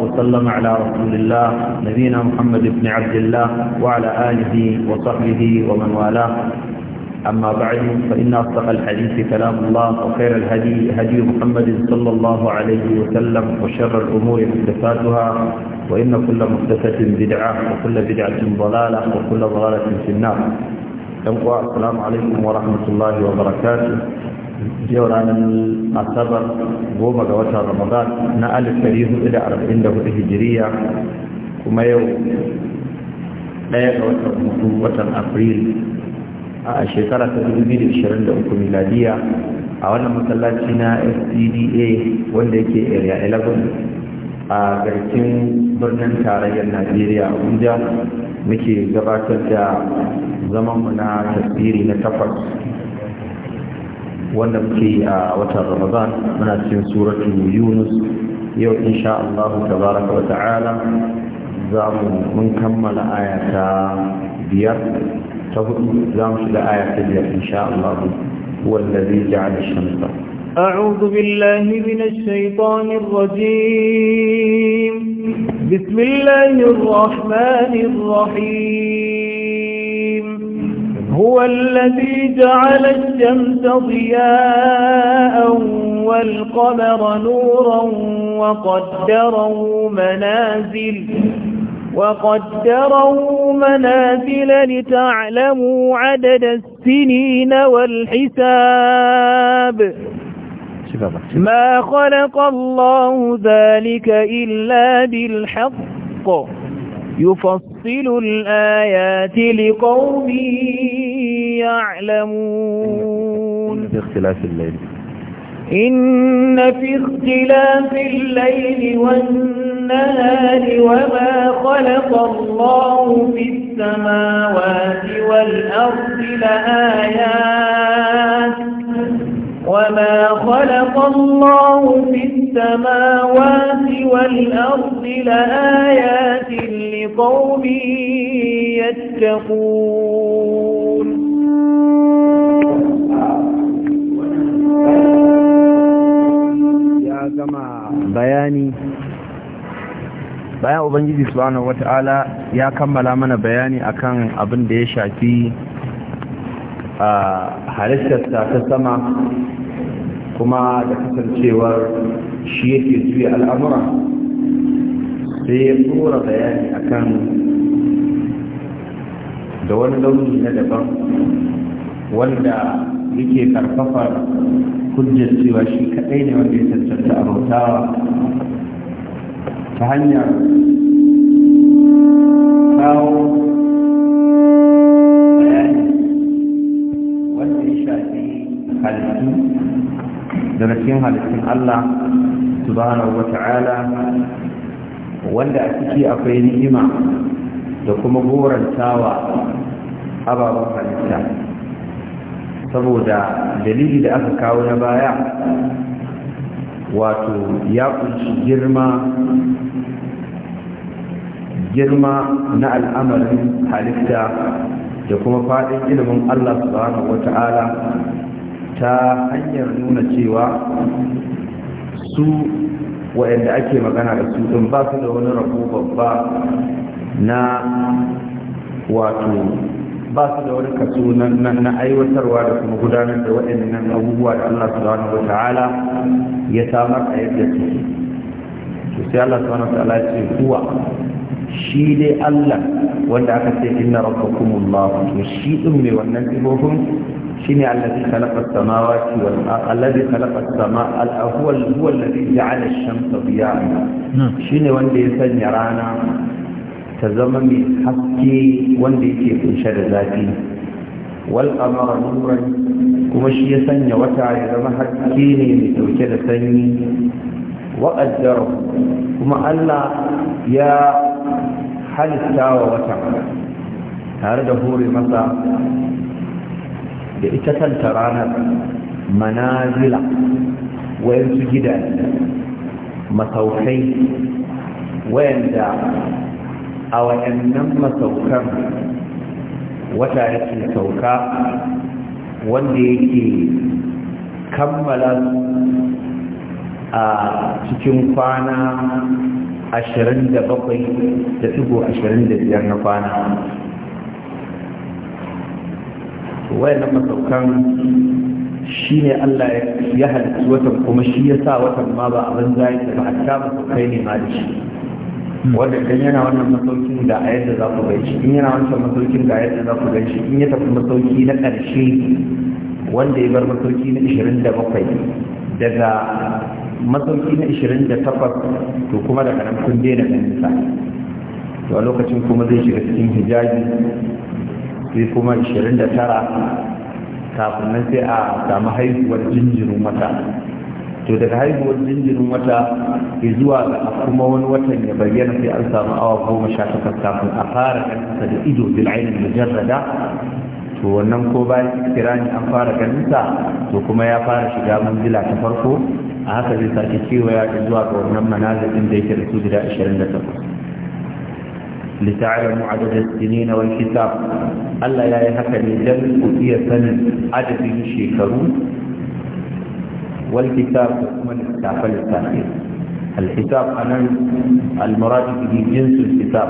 وسلم على رسول الله نبينا محمد بن عبد الله وعلى آله وصحبه ومن والاه أما بعد فإن أصدق الحديث كلام الله وخير الهدي هدي محمد صلى الله عليه وسلم وشر الأمور محدثاتها وإن كل محدثة بدعة وكل بدعة ضلالة وكل ضلالة في النار السلام عليكم ورحمة الله وبركاته yau ranar asabar goma ga watan ramadan na alif ɗari hudu da arba'in da hudu hijiriya kuma yau ɗaya ga watan hudu watan afril a shekara ta 2023 miladiya a wannan masallaci na fcda wanda yake area 11 a garkin birnin tarayyar najeriya abuja muke gabatar da zamanmu na tasiri na takwas wanda muke a watan ramadan muna cikin suratu yunus yau insha Allah tabaraka wa ta'ala za mu mun kammala aya ta biyar ta hudu za mu shiga aya ta biyar insha Allah wallazi ja'ala shamsa أعوذ بالله من الشيطان الرجيم بسم الله الرحمن الرحيم هو الذي جعل الشمس ضياء والقمر نورا وقدره منازل وقدره منازل لتعلموا عدد السنين والحساب ما خلق الله ذلك إلا بالحق يفصل الآيات لقوم يعلمون في اختلاف الليل إن في اختلاف الليل والنهار وما خلق الله في السماوات والأرض لآيات وما خلق الله في السماوات والأرض لآيات لقوم يتقون ya gama bayani bayan ubangiji subhanahu wata'ala ya kammala mana bayani akan abin da ya shafi halittarsa ta sama kuma da kasancewar shi yake juya al'amura sai ya tsora bayani akan da wani launi na daban wanda yake karfafa hujjar cewa shi kadai ne wanda ya cancanta a bautawa ta hanyar kawo halittu daga cikin halittun Allah subhanahu wata'ala wanda a ciki akwai ni'ima da kuma gorantawa ababen halitta saboda dalili da aka kawo na baya wato ya kunshi girma girma na al'amarin halitta da kuma faɗin ilimin Allah subhanahu wata'ala ta hanyar nuna cewa su waɗanda ake magana da su ɗin ba su da wani rabo babba na wato ba su da wani kaso na aiwatarwa da kuma gudanar da waɗannan abubuwa da Allah subhanahu wa ta'ala ya samar a yadda su to sai Allah subhanahu wa ta'ala ya ce kuwa shi dai Allah wanda aka ce inna rabbakumullah to shi din mai wannan sifofin shine allazi khalaqa as-samawati wal allazi khalaqa as-samaa al-huwa huwa allazi ja'ala ash-shamsa diya'an hmm. shine wanda ya sanya rana ta zama mai haske wanda yake kunshe da zafi wal qamara nuran kuma shi ya sanya wata ya zama haske ne mai dauke da sanyi wa qaddara kuma Allah ya halitta wa wata tare da hore masa da ita kanta ranar manazila wayansu gidan masaukai wayanda a wayannan masaukan wata yake sauka wanda yake kammala a cikin kwana 27 da 25 na kwana wayannan masaukan shi ne Allah ya halittu watan kuma shi ya sa watan ma ba abin zai ba hatta masaukai ne ma da shi wanda idan yana wannan masaukin da a yadda za ku gaishe in yana wancan masaukin ga yadda za ku gaishe in ya tafi masauki na ƙarshe wanda ya bar masauki na 27 daga masauki na 28 to kuma daga nan kun daina ganin sa to a lokacin kuma zai shiga cikin hijabi sai kuma 29 kafin nan sai a samu haihuwar jinjirin wata to daga haihuwar jinjirin wata ke zuwa ga kuma wani watan ya bayyana sai an samu awa goma sha takwas kafin a fara ganinsa da ido bil ainihin mujarrada to wannan ko bayan kirani an fara ganinsa to kuma ya fara shiga manzila ta farko a haka zai sake kewaya zuwa ga wannan manazilin da yake da su guda 28 لتعلموا عدد السنين والحساب ألا لا يهكذا لدم وفي سنة عدد الشيكرون والحساب من استعفل التأخير الحساب أنا المراد به جنس الحساب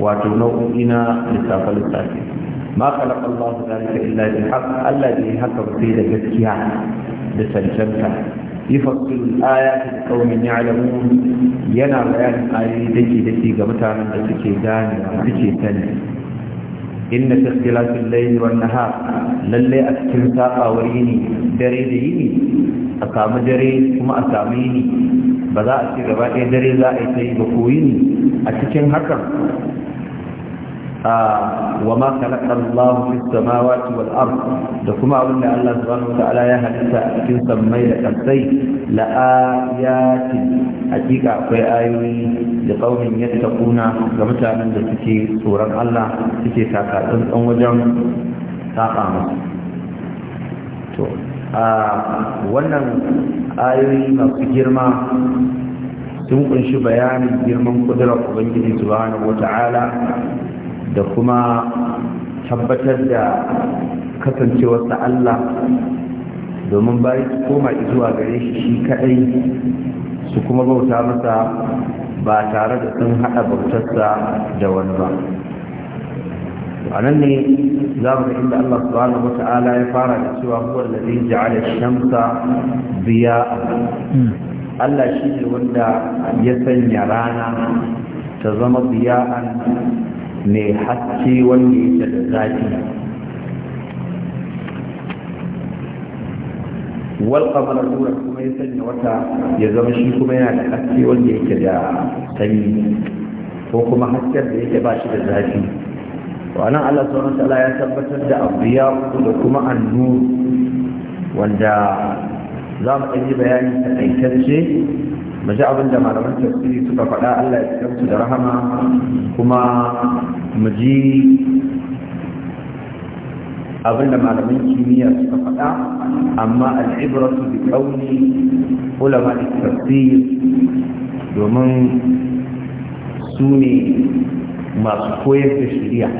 وتنوء إنا لتعفل التأخير ما خلق الله ذلك إلا بالحق الذي هكذا في ذلك بسنشمته يفصل الآيات لقوم يعلمون ينا بيان آيات دكي دكي غمتان دكي داني دكي تاني إن في اختلاف الليل والنهار للي أتكنسا قاوريني دري ديني أقام دري ثم أقاميني بذا أتكنسا دري لا أتي بقويني أتكن هكا wa ma khalaqa Allahu fis samawati wal ard da kuma abin da Allah subhanahu wataala ya halitta a cikin sammai da kasai la ayati hakika akwai ayoyi da qaumin yattaquna ga mutanen da suke tsoron Allah suke taka tsantsan wajen saka musu a wannan ayoyi masu girma sun ƙunshi bayanin girman kudurar ubangiji subhanahu wata'ala da kuma tabbatar da kasancewarsa Allah domin bayan su koma zuwa gare shi shi kaɗai su kuma bauta masa ba tare da sun haɗa bautarsa da wani ba a nan ne za mu ga inda Allah subhanahu wa ta'ala ya fara da cewa huwa allazi ja'ala shamsa biya Allah shi ne wanda ya sanya rana ta zama biya'an mai haske wanda yake da zafi walƙamar nura kuma ya sanya wata ya zama shi kuma yana da haske wanda yake da sanyi ko kuma hasken da yake ba shi da zafi wannan Allah sauran tala ya tabbatar da abiya da kuma annu wanda za mu ɗanyi bayani taƙaitacce mu ji abin da malaman tafsiri suka faɗa Allah ya tsarsu da rahama kuma mu ji abin da malaman kimiyya suka faɗa amma al'ibratu bi kauni ulama tafsir domin su ne masu koyar da shari'a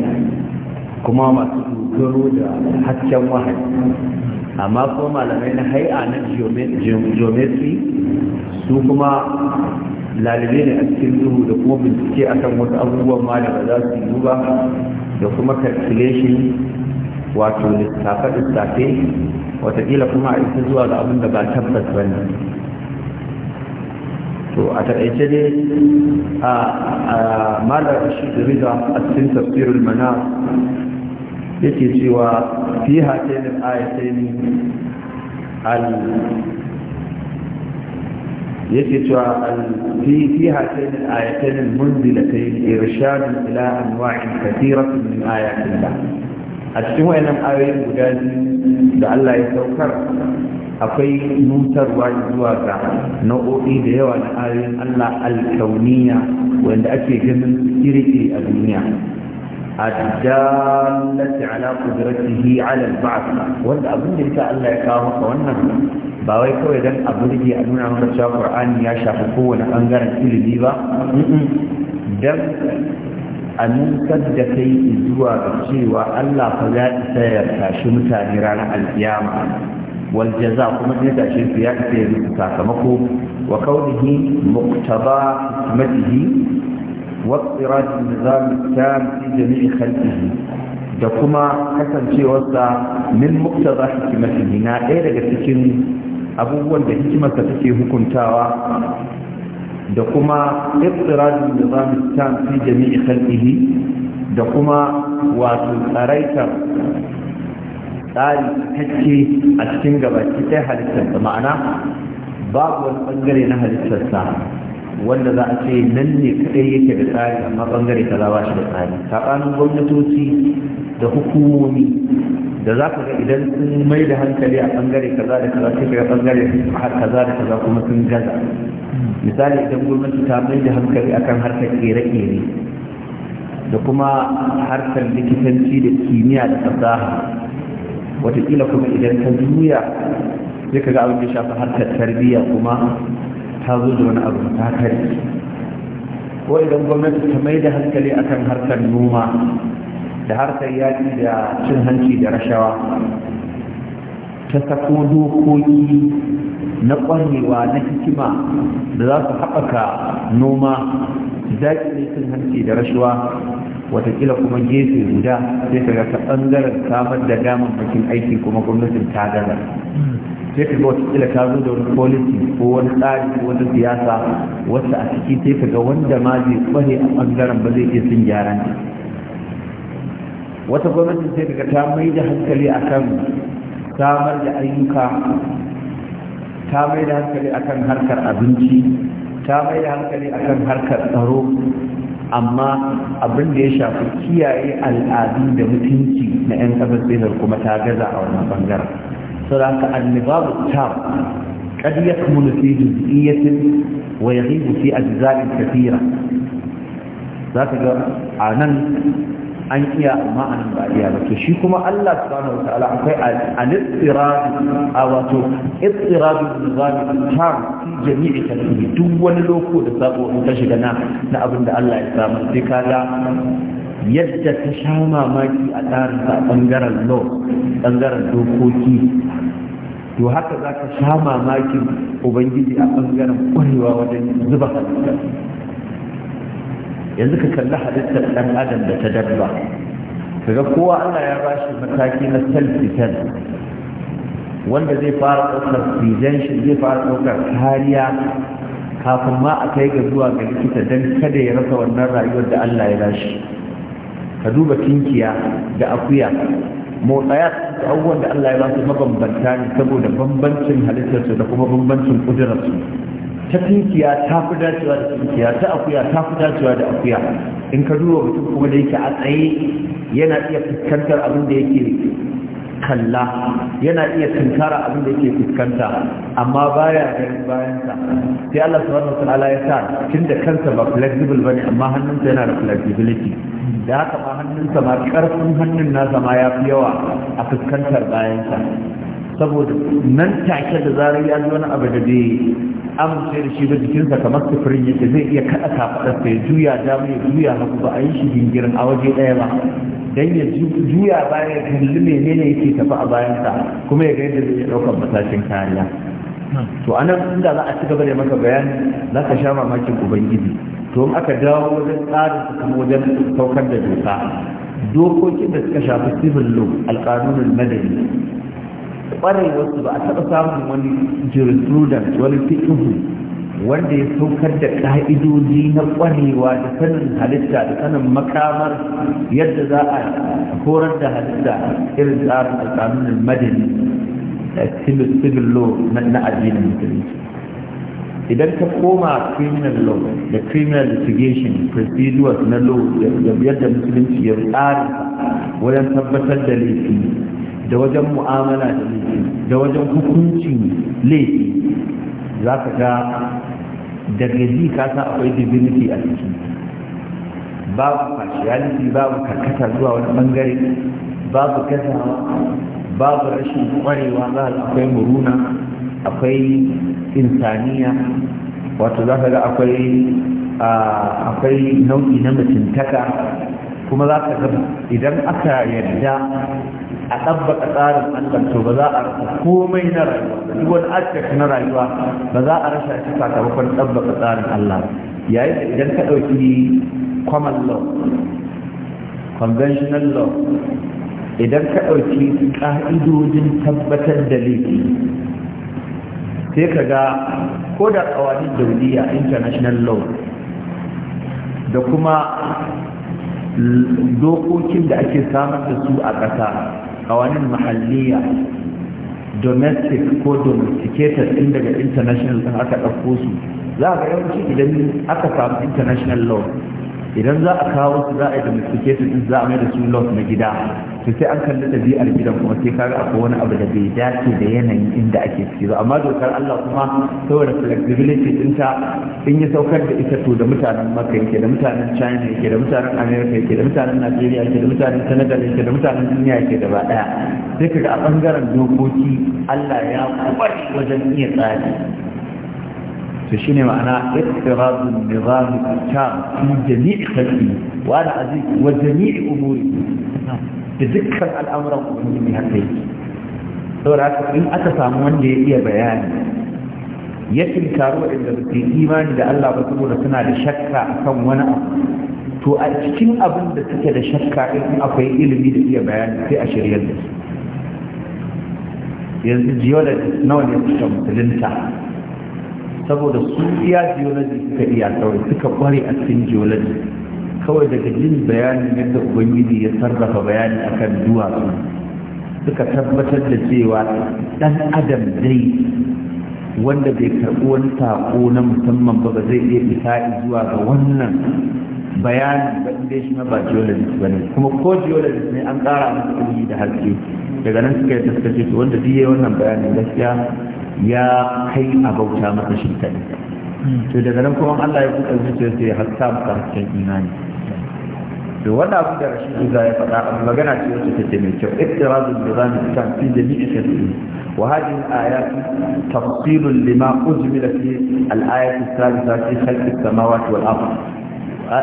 kuma masu dogaro da hasken wahayi amma kuma malamai na hai'a na geometry su kuma lalibe ne a cikin duhu da kuma bincike akan wasu abubuwan ma da ba za su yi ba da kuma calculation wato lissafe-lissafe watakila kuma a isa zuwa ga abin da ba tabbas ba ne to a taƙaice dai a malar shi da riga a cikin tafsirul mana yake cewa fi hatainin ayataini al yake cewa fi fi hatainin ayatainin munzilatayn irshadun ila anwa'in kathiratin min ayatillah a cikin wayannan ayoyin guda biyu da Allah ya saukar akwai nutarwa zuwa ga nau'o'i da yawa na ayoyin Allah alkauniya wanda ake ganin kirki a duniya A الدالة على قدرته على البعث وان Allah ya الله يكاوك وانا ba wai kawai dan abu da a nuna maka cewa qur'ani ya shafi kowane bangaren ilimi ba dan a nusar da kai zuwa ga cewa Allah fa ya isa ya tashi mutane ranar alkiyama wal jaza kuma ya tashi su ya isa ya rubuta sakamako wa kaunihi muqtaba matihi واضطراد النظام التام في جميع خلقه da kuma kasancewarsa min muktaza hikimatihi na ɗaya daga cikin abubuwan da hikimarsa take hukuntawa da kuma iftiradin nizamin tam fi jami'i khalqihi da kuma wato tsaraitar tsari cikakke a cikin gabaki ɗaya halittarsa ma'ana babu wani ɓangare na halittarsa wanda za a ce nan ne kadai yake da tsari amma bangare kaza ba shi da tsari saɓanin gwamnatoci da hukumomi da za ka ga idan sun mai da hankali a bangare kaza da kaza sai ga bangare har kaza da kaza kuma sun gaza misali idan gwamnati ta mai da hankali akan harkar kere-kere da kuma harkar likitanci da kimiyya da fasaha watakila kuma idan ta juya sai ka ga abin da shafi harkar tarbiyya kuma ta zo da wani abu ta kare ko idan gwamnati ta mai da hankali akan harkar noma da harkar yaƙi da cin hanci da rashawa ta sako dokoki na ƙwarewa na hikima da za su haɓaka noma zaƙi cin hanci da rashawa watakila kuma gefe guda sai ka ga ta bangaren samar da damar bakin aiki kuma gwamnatin ta gaza sai ka ga watakila ta zo da wani policy ko wani tsari ko wata siyasa wasu a ciki sai ka ga wanda ma zai kware a bangaren ba zai iya sun gyaran wata gwamnati sai daga ta mai da hankali a kan samar da ayyuka ta mai da hankali a kan harkar abinci ta mai da hankali a kan harkar tsaro amma abin da ya shafi kiyaye al'adu da mutunci na 'yan kasar sinar kuma ta gaza a wannan bangaren saboda annibabu tab قد fi في جزئية ويغيب Za ka ga a nan? an iya amma a nan ba iya ba shi kuma Allah subhanahu wa ta'ala akwai al-istiradu a wato istiradu nizami tam jami'i tasiri duk wani loko da sabo in ka shiga na na abin da Allah ya samu sai ka ga yadda ta sha mamaki a tsarin sa bangaren law bangaren dokoki to haka za ka sha mamakin ubangiji a bangaren kwarewa wajen zuba yanzu ka kalli halittar ɗan adam da ta dabba kaga kowa Allah ya ba shi mataki na self defense wanda zai fara ɗaukar prevention zai fara ɗaukar kariya kafin ma a kai ga zuwa ga likita don kada ya rasa wannan rayuwar da Allah ya bashi ka duba tinkiya da akuya motsaya da abubuwan da Allah ya ba su mabambanta ne saboda bambancin halittarsu da kuma bambancin ƙudurarsu. ta tunkiya ta fi dacewa da tunkiya ta akuya ta fi dacewa da akuya in ka duba mutum kuma da yake a tsaye yana iya fuskantar abin da yake kalla yana iya tunkara abin da yake fuskanta amma baya ganin bayansa sai Allah subhanahu ta'ala ya sa tun da kansa ba flexible bane amma hannunsa yana da flexibility da haka ma hannunsa ma karfin hannun nasa ma ya fi yawa a fuskantar bayansa saboda nan take da zarar ya ji wani abu da bai amince da shi ba jikinsa kamar sufurin yake zai iya kaɗa kafaɗarsa ya juya damu ya juya hagu ba a yi shi gingirin a waje ɗaya ba dan ya juya baya ya kalli menene yake tafi a bayansa kuma ya ga yadda zai ɗaukar matakin kariya to anan inda za a ci gaba da maka bayani za ka sha mamakin ubangiji to in aka dawo wajen tsarin su kuma wajen saukar da doka dokokin da suka shafi civil law alƙanunin madani ƙwarewarsu ba a taɓa samun wani jurisprudence wani fiƙihu wanda ya saukar da ƙa'idoji na ƙwarewa da sanin halitta da sanin makamar yadda za a horar da halitta irin tsarin alƙanunin madani civil law na addinin musulunci idan ka koma criminal law da criminal litigation procedures na law da yadda musulunci ya tsara wajen tabbatar da laifi da wajen mu'amala da laifi da wajen hukuncin laifi za ka ga daga ji ka akwai divinity a ciki babu partiality babu karkata zuwa wani bangare babu gazawa babu rashin kwarewa za a akwai muruna akwai insaniya wato za ka ga akwai akwai nau'i na mutuntaka kuma za ka ga idan aka yarda a ɗabbaka tsarin Allah to ba za a rasa komai na rayuwa duk wani aspect na rayuwa ba za a rasa shi sakamakon ɗabbaka tsarin Allah yayin da idan ka ɗauki common law conventional law idan ka ɗauki ƙa'idojin tabbatar da laifi sai ka ga ko da kawanin dauliya international law da kuma dokokin da ake samar da su a ƙasa kawanin mahalliya domestic ko domesticated ɗin daga international sun aka ɗauko su za a ga yawanci idan aka samu international law idan za a kawo su za a yi domesticated din za a mai da su lot na gida to sai an kalli ɗabi'ar gidan kuma sai kaga akwai wani abu da bai dace da yanayin inda ake ciki ba amma dokar Allah kuma saboda flexibility ɗinta in ya saukar da ita to da mutanen Makka yake da mutanen China yake da mutanen America yake da mutanen Najeriya yake da mutanen Senegal yake da mutanen duniya yake da ba ɗaya sai kaga a bangaren dokoki Allah ya kwari wajen iya tsari to shine ma'ana ittirazun nizam al-kam fi jami'i khalqi wa ana aziz wa jami'i umuri da dukkan al'amuran ubangiji haka yake saboda haka in aka samu wanda ya iya bayani ya tinkaru inda ba su imani da Allah ba saboda suna da shakka akan wani abu to a cikin abin da suke da shakka in akwai ilimi da iya bayani sai a shirya da su yanzu jiyo da nawa ne suka musulunta saboda su iya geology suka iya kawai suka kware a cikin geology kawai daga jin bayanin yadda ubangiji ya sarrafa bayani akan duwatsu suka tabbatar da cewa dan adam dai wanda bai karɓi wani saƙo na musamman ba ba zai iya fita zuwa ga wannan bayanin ba inda shi ba geologist ba ne kuma ko geologist ne an ƙara masa ilimi da haske daga nan suka yi taskace to wanda duk yayi wannan bayanin gaskiya ya kai a bauta masa shi kaɗai to daga nan kuma Allah ya buɗe zuciya sai har ta masa hasken imani to wannan abu da rashin za ya faɗa magana ce wacce take mai kyau iftirazu bi zani kan fi jami'i kafi wa hadhihi al-ayat tafsilun lima ujmila fi al-ayat al-thalitha fi khalqi as-samawati wal ard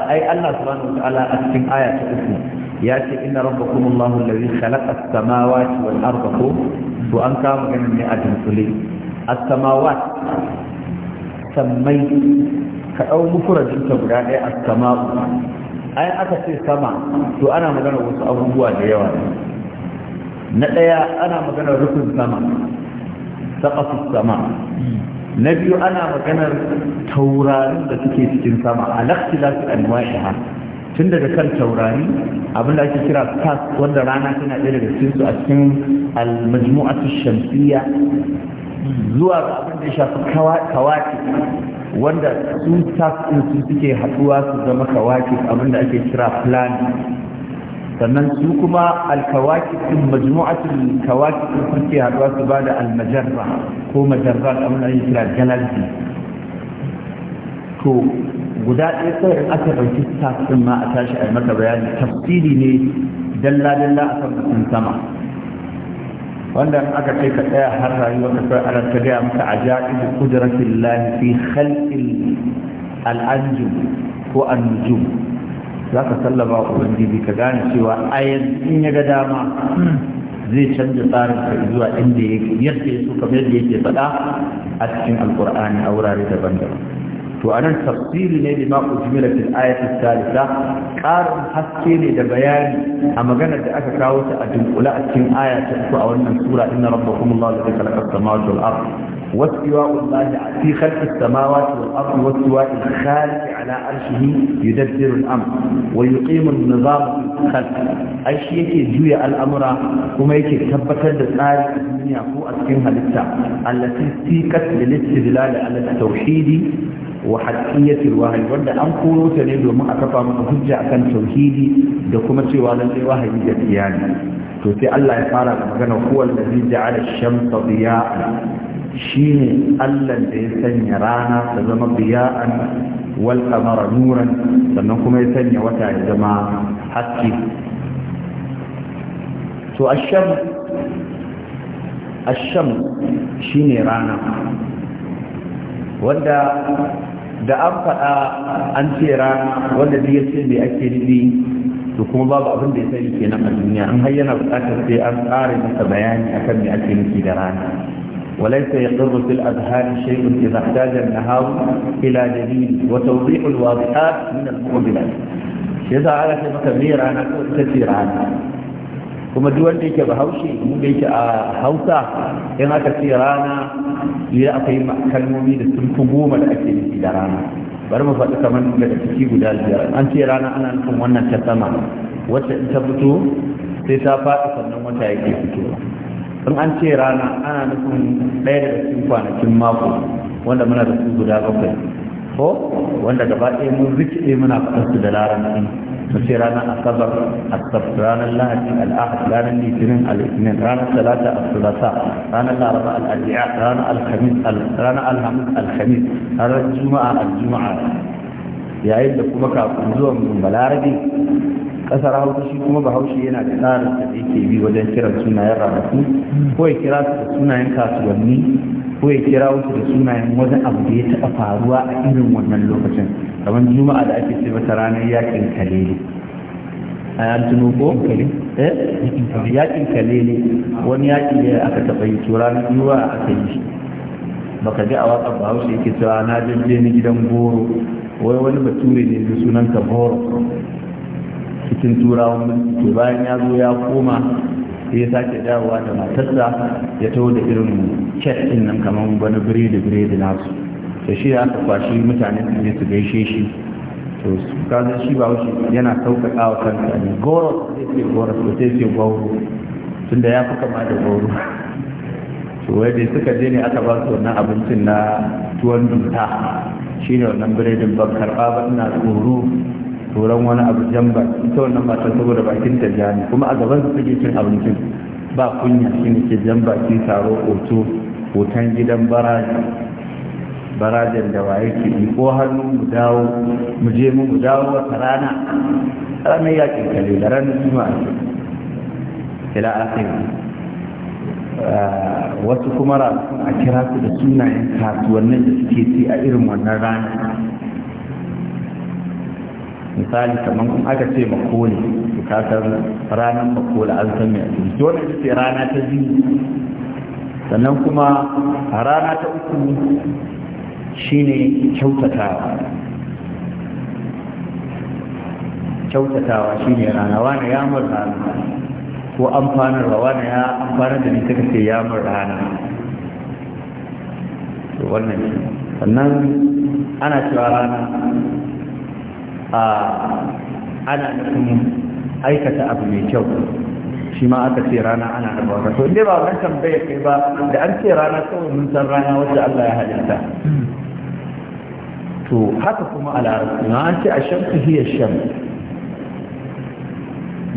ai Allah subhanahu wa ta'ala a cikin aya ta uku ya ce inna rabbakum Allahu alladhi khalaqa as-samawati wal arda ko an kama ganin ne a dunkule as-samawat sammai ka dau mufradin guda ɗaya as-sama'u ai aka ce sama to ana magana wasu abubuwa da yawa na ɗaya ana maganar rufin sama saƙafin sama na biyu ana maganar taurarin da suke cikin sama a laktila su anwa'iha tun daga kan taurari abin da ake kira stars wanda rana tana ɗaya daga su a cikin al-majmu'atu shamsiyya zuwa ga abin da ya shafi kawaki wanda su tafi su suke haɗuwa su zama kawaki abin da ake kira plan sannan su kuma alkawaki sun majmu'atul kawaki sun suke haɗuwa su ba da almajarra ko majarra abin da ake kira galaxy to guda ɗaya sai in aka ɗauki tafi ma a tashi a maka bayani tafsiri ne dalla-dalla a kan sama wanda aka kai ka tsaya har rayuwa ka kai ana ta gaya maka a ja'ibu kudratin lahi fi khalqil al'anjum ko annujum za ka sallama wa ubangiji ka gane cewa a in ya ga dama zai canza tsarin ka zuwa inda yadda ya so kamar yadda yake faɗa a cikin alkur'ani a wurare daban-daban to anan tafsiri ne lima ujmila fil ayati thalitha qarin haske ne da bayani a maganar da aka kawo ta a dunkula a cikin aya ta uku a wannan sura inna rabbakumullahu alladhi khalaqa as-samawati wal ardh واستواء الله في خلق السماوات والارض واستواء الخالق على عرشه يدبر الامر ويقيم النظام kuma yake tabbatar da tsari a duniya ko a cikin halitta الدنيا فوق السنه التي سيكت للاستدلال على التوحيد wa haƙƙiyatul wahayi wanda an koro ta ne domin a kafa maka hujja akan tauhidi da kuma cewa lallai wahayi gaskiya ne to sai Allah ya fara da magana huwa allazi ja'ala ash-shamsa diya'an shine Allah da ya sanya rana ta zama diya'an wal qamara nuran sannan kuma ya sanya wata ya zama haske to ash-shams ash-shams shine rana wanda da an faɗa an ce rana wanda zai yace me ake nufi to kuma babu abin da ya sani kenan a duniya an har yana buƙatar sai an ƙara masa bayani akan me ake nufi da rana وليس يقر في الأذهان شيء إذا احتاج النهار إلى دليل وتوضيح الواضحات من المقبلات يزعل في مكبير عن كثير عنه kuma duk wanda yake bahaushe mun da yake a hausa in aka ce rana ya akwai kalmomi da sun fi goma da ake nufi da rana bari mu faɗi kamar daga ciki guda biyar an ce rana ana nufin wannan ta sama wacce in ta fito sai ta faɗi sannan wata yake fito. in an ce rana ana nufin ɗaya daga cikin kwanakin mako wanda muna da su guda bakwai ko wanda gaba ɗaya mun rikide muna faɗin su da larabci mu ce ranar asabar asabar ranar lahadi al'ahad ranar litinin al'itinin ranar talata asulasa ranar laraba al'adiya ranar alhamis ranar alhamis alhamis ranar juma'a aljuma'a yayin da kuma kafin zuwan mu balarabe kasar hausa shi kuma bahaushe yana da tsarin da yake bi wajen kiran sunayen ranaku ko ya kira su da sunayen kasuwanni ko ya kira wasu da sunayen wani abu da ya taɓa faruwa a irin wannan lokacin kamar juma'a da ake ce mata ranar yakin kalele a yantuno ko yakin kalele eh? wani yaƙi ne aka taɓa yi to ranar juma'a aka yi shi baka ji a watsar bahaushe yake cewa na jirgin ni gidan goro wai wani bature ne da sunan ka boro cikin turawan to bayan ya zo ya koma sai ya sake dawowa da matarsa ya taho da irin kek din nan kamar wani biredi biredi nasu da shi aka kwashi mutane da su gaishe shi to kaza shi ba wuce yana sauƙaƙa wa kanta ne goro sai ce goro to sai ce tun tunda ya fi kama da goro. to wai dai suka je ne aka ba su wannan abincin na tuwon duta shine wannan biredin ban karɓa ba ina tsoro turan wani abu jan ba ita wannan matar saboda bakin ta ja ne kuma a gaban su suke cin abincin ba kunya shi ne ke jan baki taro hoto hoton gidan baraji barajin da waye ke yi ko hannu mu dawo mu je mu mu dawo wata rana ranar yakin kale da ranar juma'a ila akhiri ah, wasu kuma a kira su da sunayen kasuwannin da suke ci a irin wannan rana misali kamar in aka ce makoli to kasar ranar makola an san mai a cikin dole ce rana ta biyu sannan kuma a rana ta uku shine kyautatawa kyautatawa shine rana wani ya mun rana ko amfanarwa wani ya amfanar da ni suka ce ya mun rana wannan sannan ana cewa rana ana nufin aikata abu mai kyau shi ma aka ce rana ana da ba to inda ba wannan tambaya kai ba da an ce rana kawai mun san rana wacce Allah ya halitta to haka kuma a larabci na an ce a shamsu hiya sham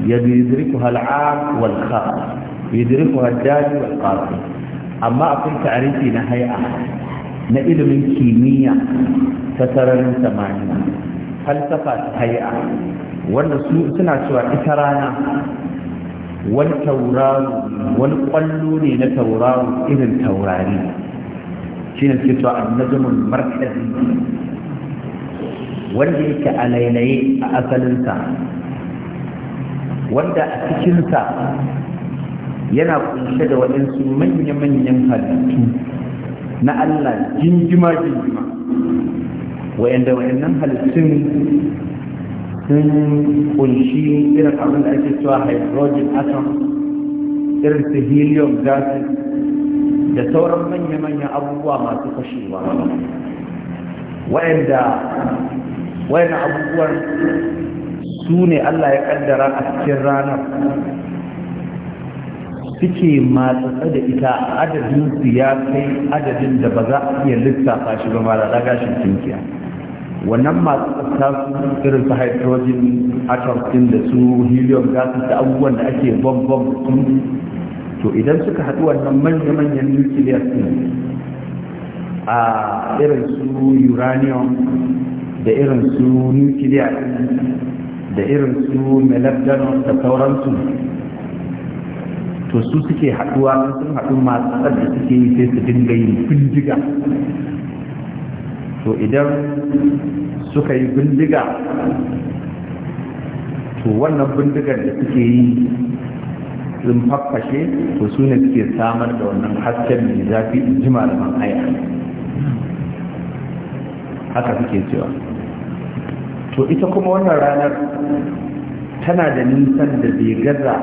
yadriku hal'am wal kha khas yadriku hajjaj wal qasim amma akwai ta'arifi na hay'a na ilimin kimiyya ta sararin samaniya falsafa ta hai'a wanda su suna cewa ita rana wani tauraro wani kwallo ne na tauraro irin taurari shi ne suke cewa annajumin markazi wanda yake a lailaye a asalinsa wanda a cikinsa yana kunshe da waɗansu manya-manyan halittu na Allah jinjima-jinjima wayanda wayannan halittun sun kunshi irin abin da ake cewa hydrogen atom irin su helium gases da sauran manya-manyan abubuwa masu fashewa wayanda wayannan abubuwan su ne Allah ya kaddara a cikin ranar suke matsatsa da ita adadin su ya kai adadin da ba za a iya lissafa shi ba mara ragashin tunkiya wannan masu tsafta su irin su hydrogen atom din da su helium gas da abubuwan da ake bom bom to idan suka haɗu wannan manya-manyan nuclear din a irin su uranium da irin su nuclear da irin su molybdenum da sauransu to su suke haɗuwa sun haɗu masu da suke yi sai su dinga yin bindiga to idan suka yi bindiga to wannan bindigar da suke yi sun faffashe to su ne suke samar da wannan hasken mai zafi ji malaman aya haka suke cewa to ita kuma wannan ranar tana da nisan da bai gaza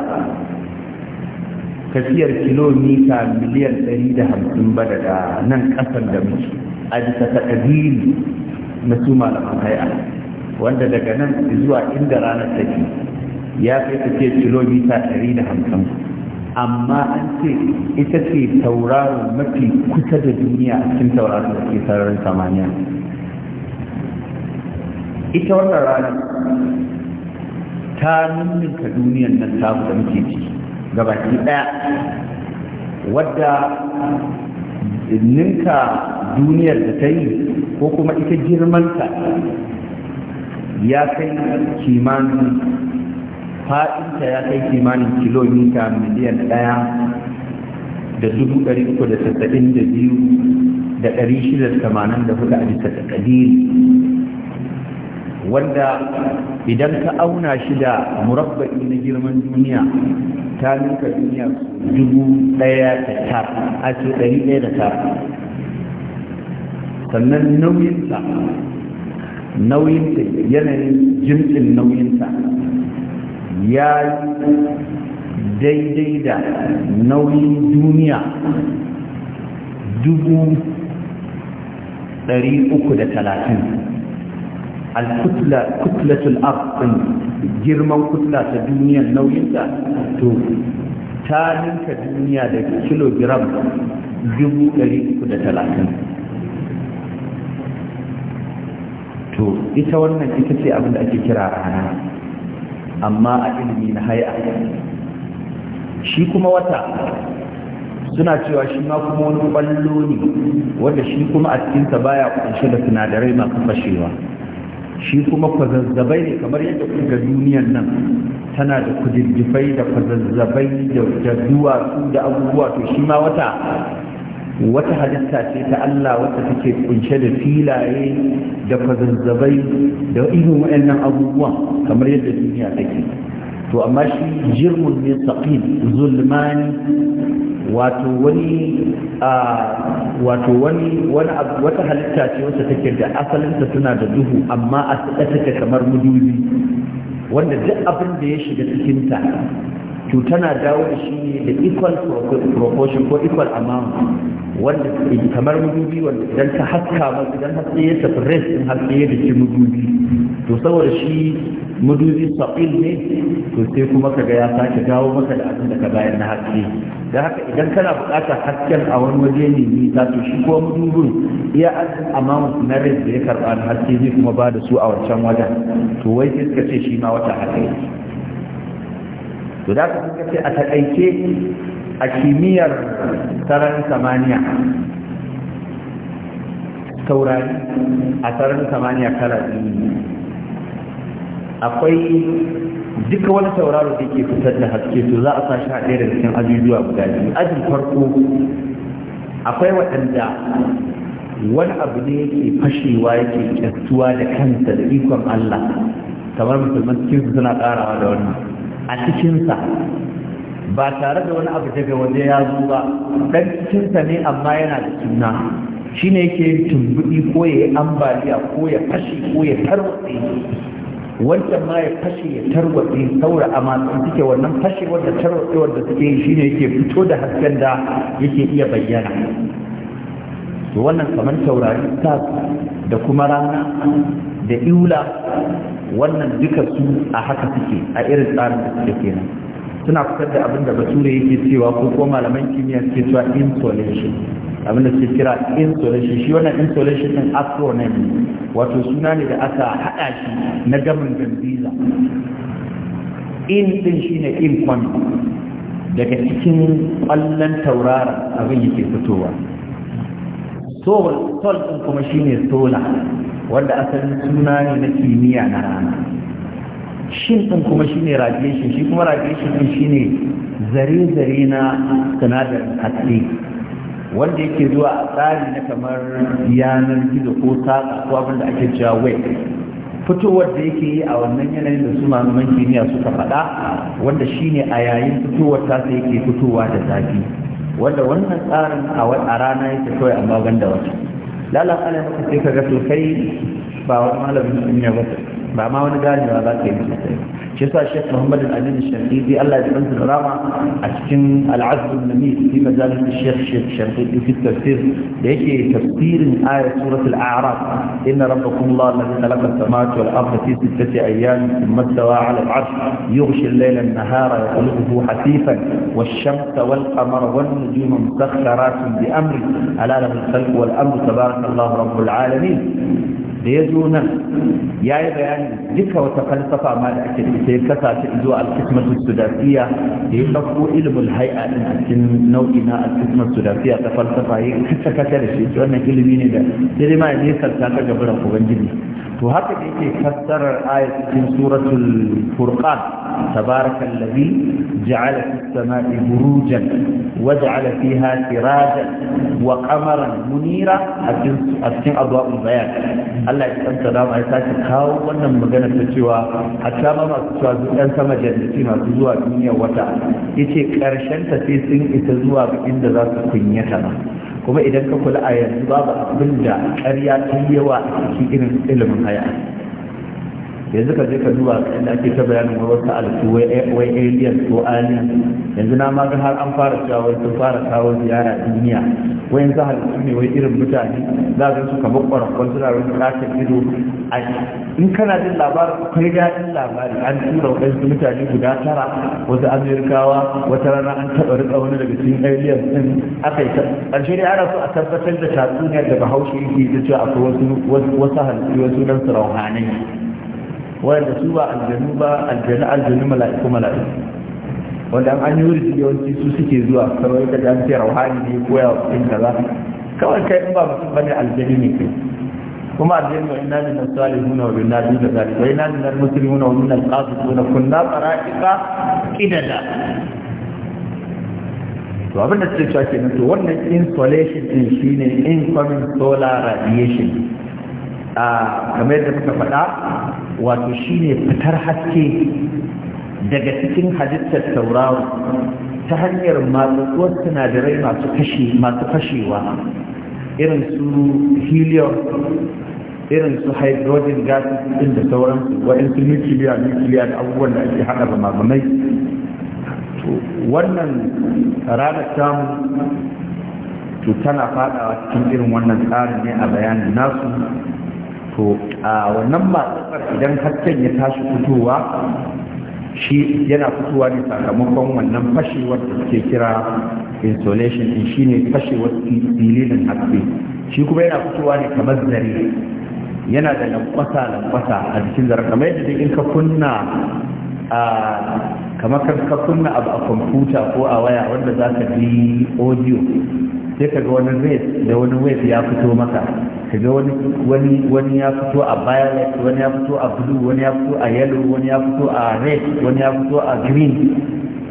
tafiyar kilomita miliyan 150 ba daga nan kasar da muke a bisa takadiri na su malaman hai'a wanda daga nan zuwa inda ranar take ya kai take kilomita 150 amma an ce ita ce tauraro mafi kusa da duniya a cikin tauraron da ke sararin samaniya ita wannan ranar ta nuninka duniyan nan ta da muke ci gabaki daya wadda ninka duniyar da ta yi ko kuma ita girmanta ya kai kimanin fa'inta ya kai kimanin kilomita miliyan ɗaya da dubu ɗari uku da sassa'in da biyu da ɗari shida da tamanin da hudu a bisa da ƙadiri wanda idan ka auna shi da murabba'i na girman duniya ta nuka duniya dubu ɗaya da ta a ce ɗari ɗaya da ta, sannan nauyinsa nauyinsa yanayin jimtsin nauyinsa ya daidai da nauyin duniya dubu ɗari uku da talatin al-kutla kutlatul ard girman kutla ta duniyar nauyinta to ta ninka duniya da kilogiram dubu ɗari uku da talatin to ita wannan ita ce abin da ake kira rana amma a ilimi na haya shi kuma wata suna cewa shi ma kuma wani ƙwallo ne wanda shi kuma a cikinsa baya ƙunshe da sinadarai masu fashewa shi kuma kwazazzabai ne kamar yadda kuka duniyar nan tana da kujirgifai da kwazazzabai da duwatsu da abubuwa to shi ma wata wata halitta ce ta Allah wata take kunshe da filaye da kwazazzabai da irin waɗannan abubuwan kamar yadda duniya take to amma shi jirmun ne saqil zulmani wato wani wato wani wani wata halitta ce wacce take da asalinta tana da duhu amma a take kamar mudubi wanda duk abin da ya shiga cikinta to tana dawo da shi ne da equal proportion ko equal amount wanda kamar mudubi wanda idan ta haska ma idan haske ya tafi res din haske ya dace mudubi to saboda shi mudubi saqil ne to sai kuma ga ya sake dawo maka da abin da ka bayar na haske da haka idan kana buƙatar hasken a wani waje ne ni ta to shi ko mudubin iya azin amount na res da ya karɓa na haske zai kuma ba da su a wancan wajen to wai sai suka ce shi ma wata haske to da kuka ce a takaice a kimiyyar sararin samaniya taurari a sararin samaniya kala akwai duka wani tauraro da ke fitar da haske to za a sa shi a ɗaya daga cikin abubuwa guda biyu ajin farko akwai waɗanda wani abu ne yake fashewa yake kyastuwa da kansa da ikon Allah kamar musulman cikin suna ƙarawa da wannan a cikinsa ba tare da wani abu daga waje ya zo ba dan cikinsa ne amma yana da suna shi ne yake yin tumbuɗi ko ya yi ambaliya ko ya fashe ko ya tarwatse wancan ma ya fashe ya tarwatsi saura a suke wannan fashe wanda tarwatsi wanda suke yi shi ne yake fito da hasken da yake iya bayyana to wannan kamar taurari ta da kuma rana da iula wannan duka su a haka suke a irin tsarin da suke kenan suna fitar da abin da bature yake cewa ko ko malaman kimiyya suke cewa insulation abin da suke kira insulation shi wannan insulation din astronomy wato suna ne da aka haɗa shi na gamin gambiza in din shi ne in kwami daga cikin ƙwallon tauraron abin yake fitowa sol sol ɗin kuma shine sola wanda asalin suna ne na kimiyya na rana shin ɗin kuma shine radiation shi kuma radiation din shine zare-zare na sinadarin hatsi wanda yake zuwa a tsari na kamar yanar gizo ko saƙa ko abin da ake cewa web fitowar da yake yi a wannan yanayin da su malaman kimiyya suka faɗa wanda shine a yayin fitowar tasa yake fitowa da zafi wanda wannan tsarin a rana yake kawai amma ban da wata lalan ala maka sai ka ga to kai ba wani malamin ne ba ba ma wani ganewa za ka yi masa شيخ الشيخ محمد الامين الشرقيدي الله يبارك في الرامع اشكن العزب النميل في مجالس الشيخ الشيخ الشرقيدي في التفسير ليش تفسير من آية سورة الأعراف إن ربكم الله الذي خلق السماوات والأرض في ستة أيام ثم استوى على العرش يغشي الليل النهار يخلقه حثيثا والشمس والقمر والنجوم مسخرات بأمره ألا له الخلق والأمر تبارك الله رب العالمين da ya zo nan ya yi bayani duka wata falsafa ma da ake sai kasa ta zuwa alkismatu sudasiya da ya ɗauko ilimin hai'a ɗin a cikin nau'i na alkismatu sudasiya ta falsafa ya kasa kasa da shi wannan ilimi ne da sai dai ma ya nesanta ka gaburan ubangiji to haka da yake fassarar aya cikin suratul furqan tabarakal ladhi ja'ala fis samai burujan wa fiha sirajan wa qamaran munira a cikin adwa'ul bayan Allah ya tsanta da mai sake kawo wannan magana ta cewa hatta ma masu cewa zuwan sama jannati masu zuwa duniya wata yace karshen ta sai sun isa zuwa inda za su kunyata ba kuma idan ka kula a yanzu babu abin da ƙarya ta yawa a cikin irin ilimin haya yanzu ka je ka duba inda ake ta bayanin wa wasu halittu wai aliens ko aliens yanzu na maga har an fara cewa wai sun fara kawo ziyara duniya wai yanzu halittu ne wai irin mutane za su su kamar kwarakwan suna wani katin ido in kana jin labarin kai jin labari an tura waɗansu mutane guda tara wasu amerikawa wata rana an taɓa riƙa wani daga cikin aliens ɗin aka yi ƙarshe ne ana so a tabbatar da tatsuniyar da bahaushe yake ta cewa akwai wasu wasu halittu wasu nan su rauhanai wanda su ba aljanu ba aljanu aljanu mala'iku mala'iku wanda an yi wurfi yawanci su suke zuwa kawai ka jan ce rauhani ne ko ya in za kawai kai in ba mutum bane aljanu ne kai kuma aljani wa inna lillahi wa inna ilaihi raji'un da zalika wa inna lillahi muslimuna wa inna al-qasituna kunna fara'iqa qidada to abin da suke cewa kenan to wannan insulation din shine incoming solar radiation a kamar da kuka faɗa wato shine fitar haske daga cikin halittar sauraro ta hanyar matsuwar sinadarai masu kashe masu fashewa irin su helium irin su hydrogen gas din da sauransu waɗansu nukiliya nukiliya da abubuwan da ake haɗa ba mamamai wannan ranar samu to tana faɗawa cikin irin wannan tsarin ne a bayanin nasu to a wannan matsatsar idan hasken ya tashi fitowa shi yana fitowa ne sakamakon wannan fashewar da suke kira insulation din shi ne fashewar filin haske shi kuma yana fitowa ne kamar zare yana da lankwasa lankwasa a jikin zaren kamar yadda in ka kunna a kamar ka kunna abu a kwamfuta ko a waya wanda za ka ji audio sai ka ga wani wave da wani wave ya fito maka ka ga wani ya fito a violet wani ya fito a blue wani ya fito a yellow wani ya fito a red wani ya fito a green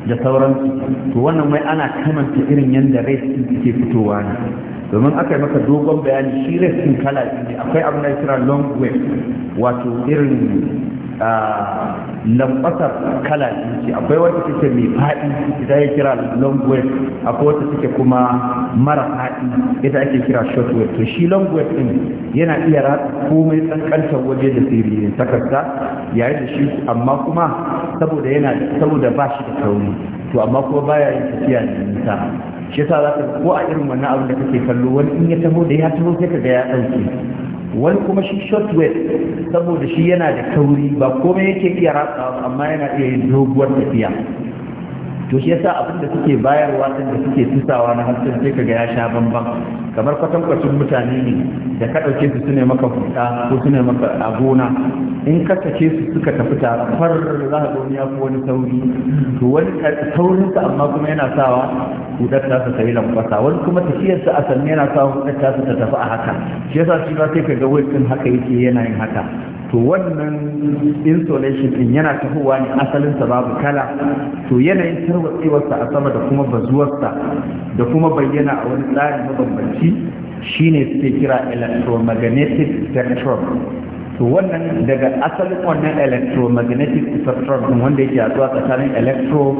da sauransu to wannan mai ana kamanta irin yadda red din suke fitowa ne domin aka yi maka dogon bayani shi red din kala ne akwai abin da ya kira long wave wato irin lankwasar kala ce akwai wata take mai faɗi ita ya kira long wave akwai wata take kuma mara faɗi ita ake kira short wave to shi long wave din yana iya ratsa komai tsakantar waje da sirri takarda yayin da shi amma kuma saboda yana saboda ba shi da kauri to amma kuma baya yin tafiya da nisa shi yasa za ka ko a irin wannan abin da kake kallo wani in ya taho da ya taho sai ka ga ya ɗauke wani kuma shi shortwave saboda shi yana da kauri ba komai yake iya ratsa amma yana iya yin doguwar tafiya to shi yasa abin da suke bayarwa din da suke tusawa na hancin sai kaga ya sha bamban kamar kwatankwacin mutane ne da ka ɗauke su ne maka fuka ko su ne maka a gona in ka sake su suka tafi far za ka gani ya fi wani sauri to wani saurin sa amma kuma yana sawa hudar ta ta yi lambasa wani kuma tafiyar su a sanne yana sawa hudar ta ta tafi a haka shi yasa shi ba sai kaga wani haka yake yana yin haka to wannan insulation din yana tahowa ne asalinsa babu kala to yanayin tarwatsewarsa a sama da kuma bazuwarsa da kuma bayyana a wani tsari mabambanci shine suke kira electromagnetic spectrum to wannan daga asalin wannan electromagnetic spectrum wanda yake zuwa tsakanin electro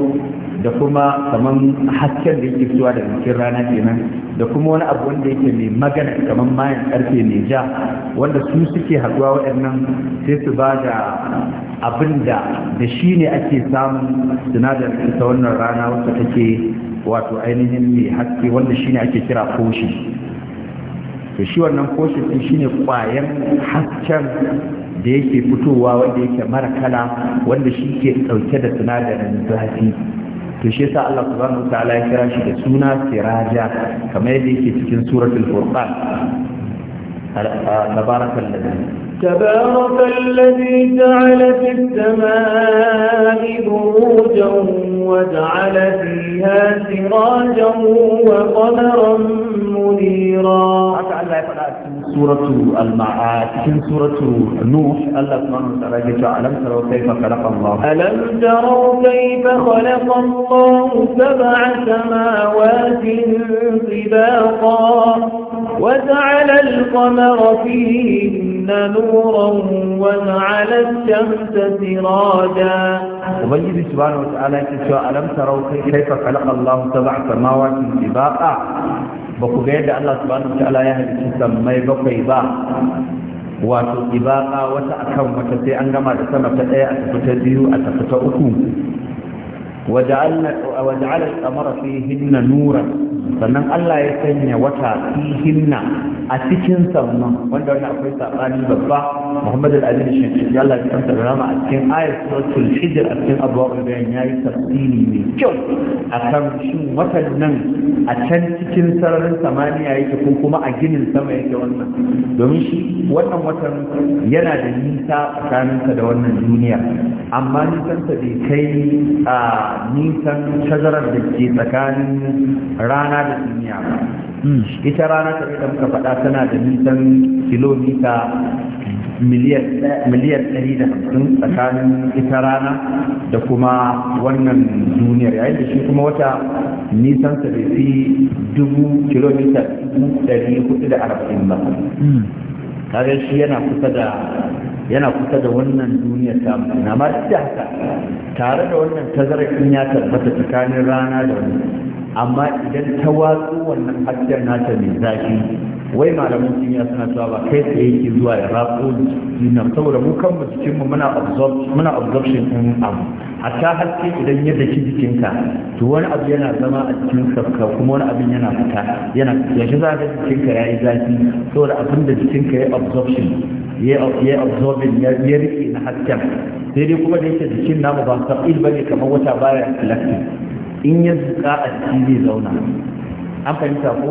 da kuma kaman hasken da yake zuwa daga cikin rana kenan da kuma wani abu wanda yake mai magana kaman mayan karfe mai ja wanda su suke haduwa waɗannan sai su ba da abinda, da da shi ne ake samun sinadarin ta wannan rana wacce take wato ainihin mai haske wanda shi ne ake kira foshi to shi wannan portion shine kwayan hasken da yake fitowa wanda yake mara kala wanda shi ke dauke da sinadarin zafi to shi yasa Allah subhanahu wataala ya kira shi da suna siraja kamar yadda yake cikin suratul furqan تبارك الذي تبارك الذي جعل في السماء بروجا وجعل فيها سراجا وقمرا منيرا سورة المعاد سورة نوح الله سبحانه وتعالى ألم تروا كيف خلق الله ألم تروا كيف خلق الله سبع سماوات طباقا وجعل القمر فيهن ko ban yi subhanahu wa ta'ala ke cewa alam tarau kai kaifa khalaqa Allah sab'a samawati tibaqa ba ku ga yadda Allah subhanahu wa ta'ala ya halicci samai bakwai ba wato tibaqa wata akan wata sai an gama da sama ta ɗaya a tafi biyu a tafi uku وجعل القمر hinna nura, sannan Allah ya sanya wata hinna a cikin sannan wanda wani akwai sabani babba Muhammad al-Amin Shinshi ya Allah ya kanta da rama a cikin ayat suratul hijr a cikin abuwa bayan yi tafsiri mai kyau akan shin watan nan a can cikin sararin samaniya yake ko kuma a ginin sama yake wannan domin shi wannan watan yana da nisa tsakaninsa da wannan duniya amma nisansa bai kai a nisan shajarar da ke tsakanin rana da duniya ba hmm. ita rana ta da muka faɗa tana da nisan kilomita miliyan 150 tsakanin ita rana da kuma wannan duniyar yayin da shi kuma wata nisan sa da fi dubu kilomita 440 ba hmm. kare shi yana kusa da yana kusa da wannan duniya ta na ma ta haka tare da wannan tazara in ya tabbata tsakanin rana da wani amma idan ta watsu wannan hajjar nata mai zafi wai malaman kimiyya suna cewa ba kai tsaye yake zuwa ya ratso jinan saboda mu kan mu jikin mu muna muna absorption din abu hatta haske idan ya daki jikinka to wani abu yana zama a cikin safka kuma wani abin yana fita yana yanzu za ka jikinka yayi zafi saboda abin da jikinka ya absorption ya absorbing ya rike na hasken sai dai kuma da yake jikin namu ba sabil bane kamar wata baya electric in ya zuka a ciki zai zauna an fahimta ko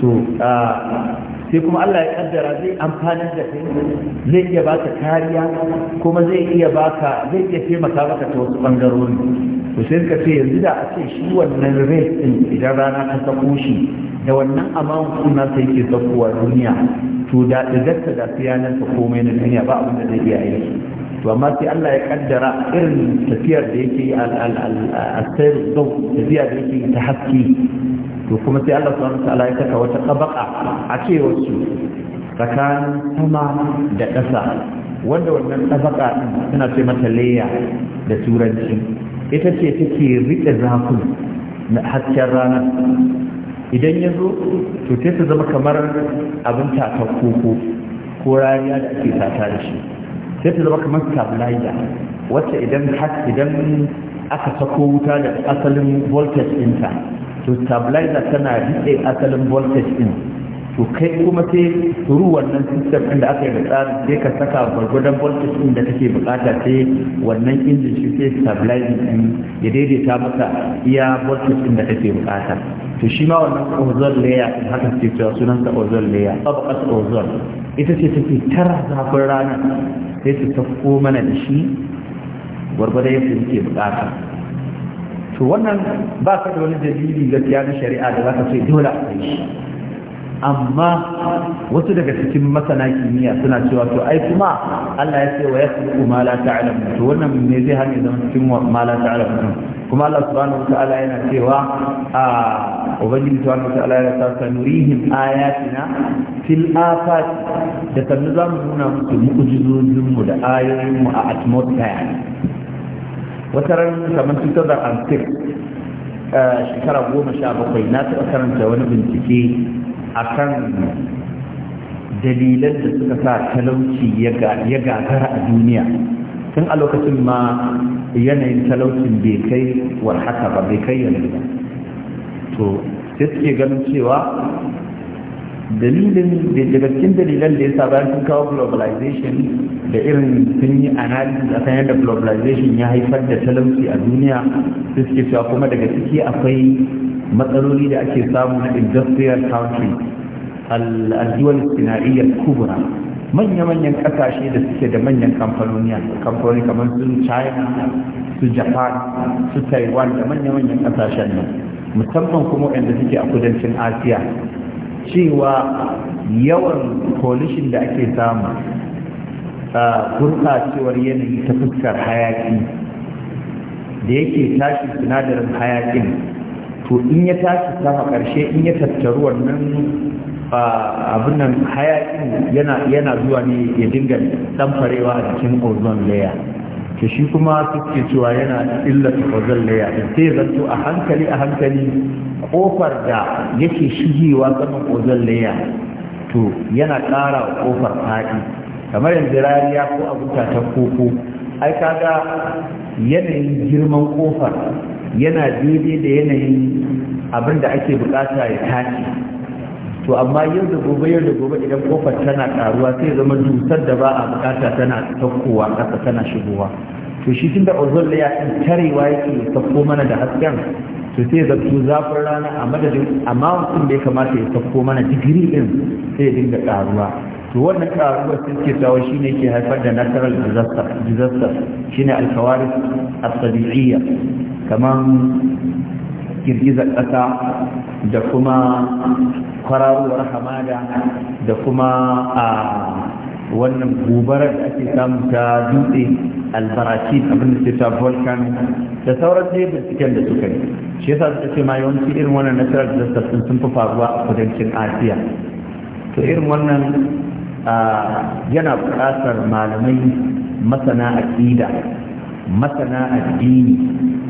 to sai kuma Allah ya kaddara zai amfanar da kai zai iya baka kariya kuma zai iya baka zai iya taimaka maka ta wasu bangarori to sai ka ce yanzu da a ce shi wannan rate din idan rana ta sako shi da wannan amount din na sai ke sakowa duniya to da dagarta da siyanar ta komai na duniya ba abin da zai iya yi to amma sai Allah ya kaddara irin tafiyar da yake al al al tafiya da yake ta haske to kuma sai Allah subhanahu wataala ya saka wata tabaka a cewa su tsakanin sama da ƙasa wanda wannan tabaka din suna ce mata layya da turanci ita ce take rike zafin na hasken rana idan ya zo to sai ta zama kamar abin ta koko ko rariya da ake sata da shi sai ta zama kamar stabilizer wacce idan idan aka sako wuta da asalin voltage ɗinta to stabilizer tana riƙe asalin voltage din to kai kuma sai ru wannan system din da aka yi da tsarin sai ka saka gwargwadon voltage din da kake bukata sai wannan injin shi sai stabilizing din ya daidaita maka iya voltage din da kake bukata to shi ma wannan ozone layer din haka ce cewa sunan sa ozone layer tabaqat ozone ita ce fi tara zafin rana sai su sako mana da shi gwargwadon yadda yake bukata to wannan ba ka da wani dalili gaskiya na shari'a da za ka ce dole a kai amma wasu daga cikin masana kimiyya suna cewa to ai kuma Allah ya ce wa yasbiqu ma la ta'lamu to wannan me zai hane zama cikin ma la ta'lamu kuma Allah subhanahu wata'ala yana cewa a ubangiji subhanahu wata'ala ya ta sanurihim ayatina fil afat da kanu zamu nuna musu mu'jizojin mu da ayoyin mu a atmosphere wata ran kamar 2006 uh, shekara goma sha bakwai na taɓa karanta wani bincike a kan dalilan da suka sa talauci ya gagara a duniya tun a lokacin ma yanayin talaucin bai kai warhaka ba bai kai yanzu ba to sai suke ganin cewa dalilin daga cikin dalilan da ya sa bayan sun kawo globalization da irin sun yi analysis a kan yadda globalization ya haifar da talauci a duniya su suke cewa kuma daga ciki akwai matsaloli da ake samu na industrial country al sinariyar kubra manya-manyan kasashe da suke da manyan kamfanoni kamfanoni kamar su china su japan su taiwan da manya-manyan kasashen nan musamman kuma yadda suke a kudancin asiya cewa yawan polishin da ake samu a gurɓacewar yanayi ta fuskar hayaki da yake tashi sinadarin hayakin to in ya tashi sama ƙarshe in ya tattaru wannan abin nan hayakin yana zuwa ne ya dinga ɗanfarewa a cikin ozone layer to shi kuma suke cewa yana illata fazallaya sai zanto a hankali a hankali kofar da yake shigewa saman ya to yana ƙara kofar faɗi kamar yanzu rariya ko abuta ta koko ai kaga yanayin girman kofar yana daidai da yanayin abin da ake bukata ya tashi to amma yau da gobe yau da gobe idan kofar tana karuwa sai zama dusar da ba a bukata tana saukowa ƙasa tana shigowa to shi tunda ozon da ya tarewa yake sauko mana da hasken to sai zato zafin rana a madadin amma mutum da ya kamata ya sauko mana digiri din sai ya dinga karuwa to wannan karuwar sun ke sawa shi ne ke haifar da natural disaster shine alkawaris as-tabi'iyya girgizar ƙasa da kuma kwararowar hamada da kuma a wannan gobarar da ake samu ta dutse albaracin abin da ke ta volcan da sauran dai binciken da suka yi shi yasa suka ce ma yawanci irin wannan nasarar da sun fi faruwa a kudancin asiya to irin wannan yana bukatar malamai masana aƙida masana addini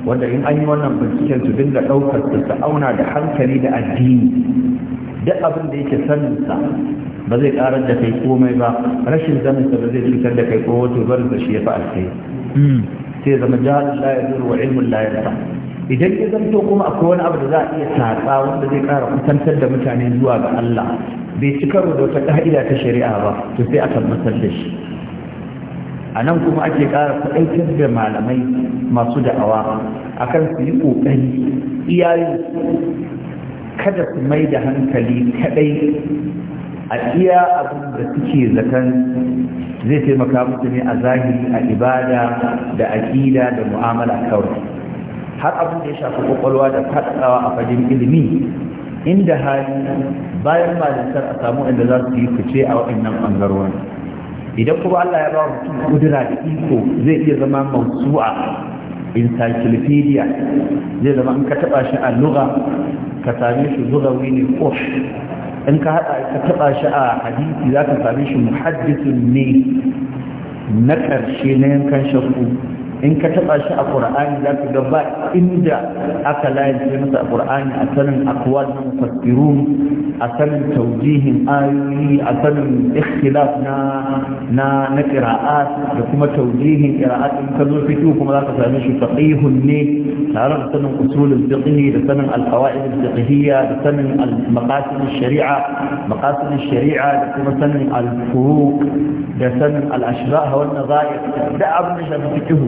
wanda in an yi wannan binciken su dinga ɗaukar su ta auna da hankali da addini duk abin da yake saninsa ba zai karar da kai komai ba rashin zaninsa ba zai cutar da kai ko wato barin da shi ya fi alkai hmm. sai zama jihar la ya zuru wa ilmin la ya idan ya zanto kuma akwai wani abu da za a iya tsatsa wanda zai kara kusantar da mutane zuwa ga Allah bai ci karo da wata ka'ida ta shari'a ba to sai a tabbatar da shi a nan kuma ake ƙara kuɗaitar da malamai masu da'awa akan su yi ƙoƙari iyayen kada su mai da hankali kaɗai a iya abin da suke zakan, zai taimaka musu ne a zahiri a ibada da aƙida da mu'amala kawai har abin da ya shafi kwakwalwa da faɗaɗawa a fadin ilimi inda hali bayan malintar a samu inda za su yi fice a waɗannan ɓangarorin idan kuma Allah ya ba wa mutum kudura da iko zai iya zama mansu'a encyclopedia zai zama in ka taba shi a lugha ka same shi lugawi ne kosh in ka taba shi a hadisi za ka same shi muhaddisun ne na ƙarshe na yankan shakku in ka taba shi a qur'ani za ka ga ba inda aka laye masa a qur'ani a sanin aqwal na mufassirun a sanin tawjihin ayoyi a sanin ikhtilaf na na na qira'at da kuma tawjihin qira'at in ka zo fiqh kuma za ka same shi faqihun ne tare da sanin usulul fiqh da sanin al-qawaid al-fiqhiyya da sanin al-maqasid al-shari'a maqasid al-shari'a da kuma sanin al-furuq da sanin al-ashra' wal nadha'ir da abun da shafi fiqh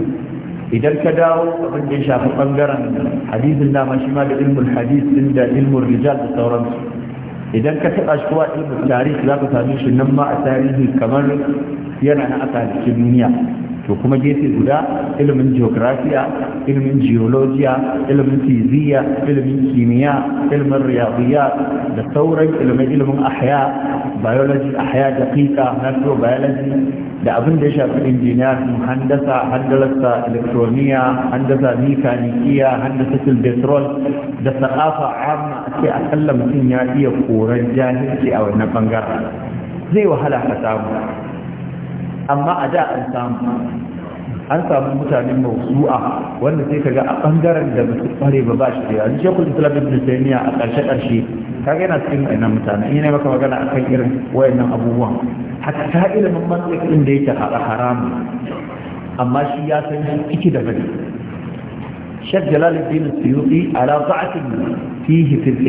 idan ka dawo abin da ya shafi bangaren hadisin dama shi ma da ilmul hadis din da ilmul rijal da sauransu idan ka taɓa shi kuwa ilmul tarihi za ka same shi nan ma a tarihi kamar yana na aka cikin duniya to kuma gefe guda ilimin geografiya ilimin geologiya ilimin fiziya ilimin kimiyya ilimin riyadiyya da sauran ilimin ilimin ahya biology ahya daqiqa microbiology da abin da ya shafi injiniyarin handasa handalasta elektroniya handasa mikanikiya handasa petrol da sakafa amma ce akalla mutum ya iya koran jahilci a wannan bangaren zai wahala ka samu amma a da an samu an samu mutanen mausu'a wanda sai kaga a bangaren da mutum kware ba ba shi da yanzu shekul islam ibn taymiya a karshe karshe kaga yana cikin wayannan mutane in ne maka magana akan irin wayannan abubuwan hatta ilimin mantiq din da yake haramu amma shi ya san ciki da bari شيخ fihi fil السيوطي على ضعف amma في ka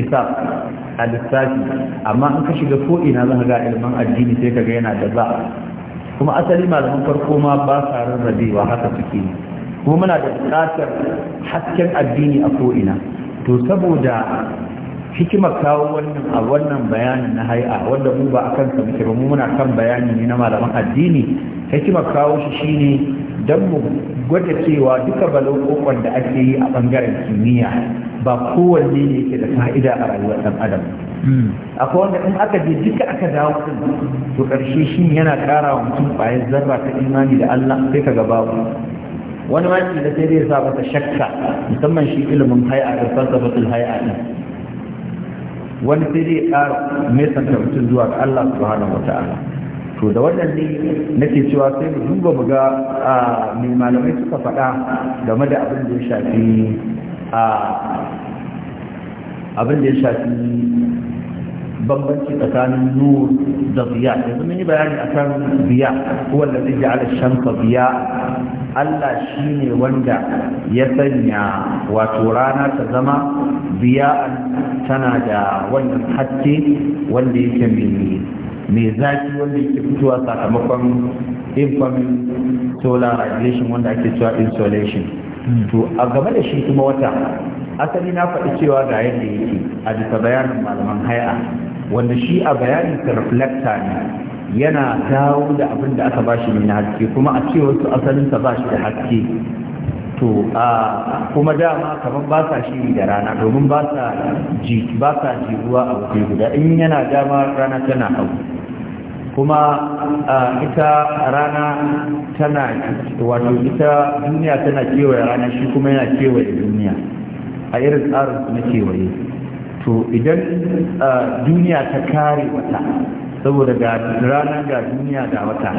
shiga الساجد zan أنك شغفو ilimin addini sai kaga yana da za'a kuma asali malaman farko ma ba sa rarrabewa haka suke kuma muna da bukatar hasken addini a ko'ina to saboda hikimar kawo wannan a wannan bayanin na hai'a wanda mu ba a kan muke ba mu muna kan bayani ne na malaman addini hikimar kawo shi shine don mu gwada cewa duka balokokon da ake yi a bangaren kimiyya ba kowanne ne yake da fa'ida a rayuwar ɗan adam akwai wanda in aka je duka aka dawo din to karshe shi yana kara wa mutum bayan zarra ta imani da Allah sai ka gaba wani wani da sai zai sa ta shakka musamman shi ilimin hay'a da falsafatul hay'a din wani sai zai kara nesanta mutum zuwa ga Allah subhanahu wata'ala to da wannan ne nake cewa sai mu duba mu ga mai malamai suka faɗa game da abin da ya shafi abin da ya shafi bambanci tsakanin nur da biya yanzu mun yi bayani akan biya huwa allazi ja'ala ash biya Allah shine wanda ya sanya wato rana ta zama biya tana da wannan haske wanda yake mai mai zafi wanda yake fitowa sakamakon incoming solar radiation wanda ake cewa insolation hmm. to a game da shi kuma wata asali na faɗi cewa ga yadda yake a bisa bayanin malaman haya wanda shi a bayanin reflector ne yana dawo da abin da aka bashi ne na haske kuma a cewar su asalinsa ba shi da haske to a kuma dama kamar ba sa shiri da rana domin ba sa ji ba sa ji ruwa a waje guda in yana dama rana tana hau kuma ita rana tana wato ita duniya tana kewaye rana shi kuma yana kewaye duniya a irin tsarin su na kewaye to idan duniya ta kare wata saboda ga rana ga duniya ga wata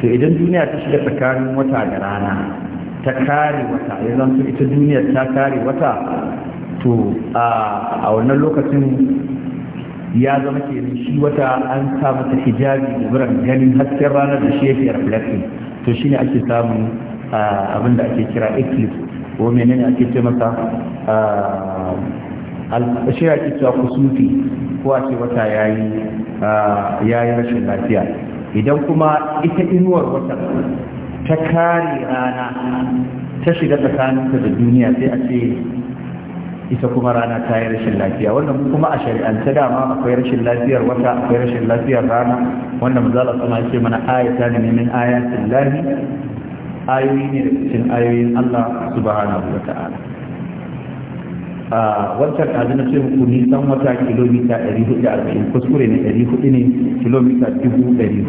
to idan duniya ta shiga tsakanin wata da rana ta kare wata ya su ita duniyar ta kare wata to a wannan lokacin ya zama kenan shi wata an sa mata hijabi da biran ganin hasken ranar da shi yake reflecting to shine ake samun abin da ake kira eclipse ko menene ake ce masa shi ake cewa kusufi ko a ce wata yayi rashin lafiya idan kuma ita inuwar wata ta kare rana ta shiga tsakaninta da duniya sai a ce ita kuma rana ta yi rashin lafiya wannan kuma a shari'ance dama akwai rashin lafiyar wata akwai rashin lafiyar rana wannan mazala kuma ce mana ayata ne min ayatin lahi ayoyi ne da cikin ayoyin Allah subhanahu wa ta'ala a wancan kaji na cewa muku nisan wata kilomita 440 kuskure ne 400 ne kilomita 400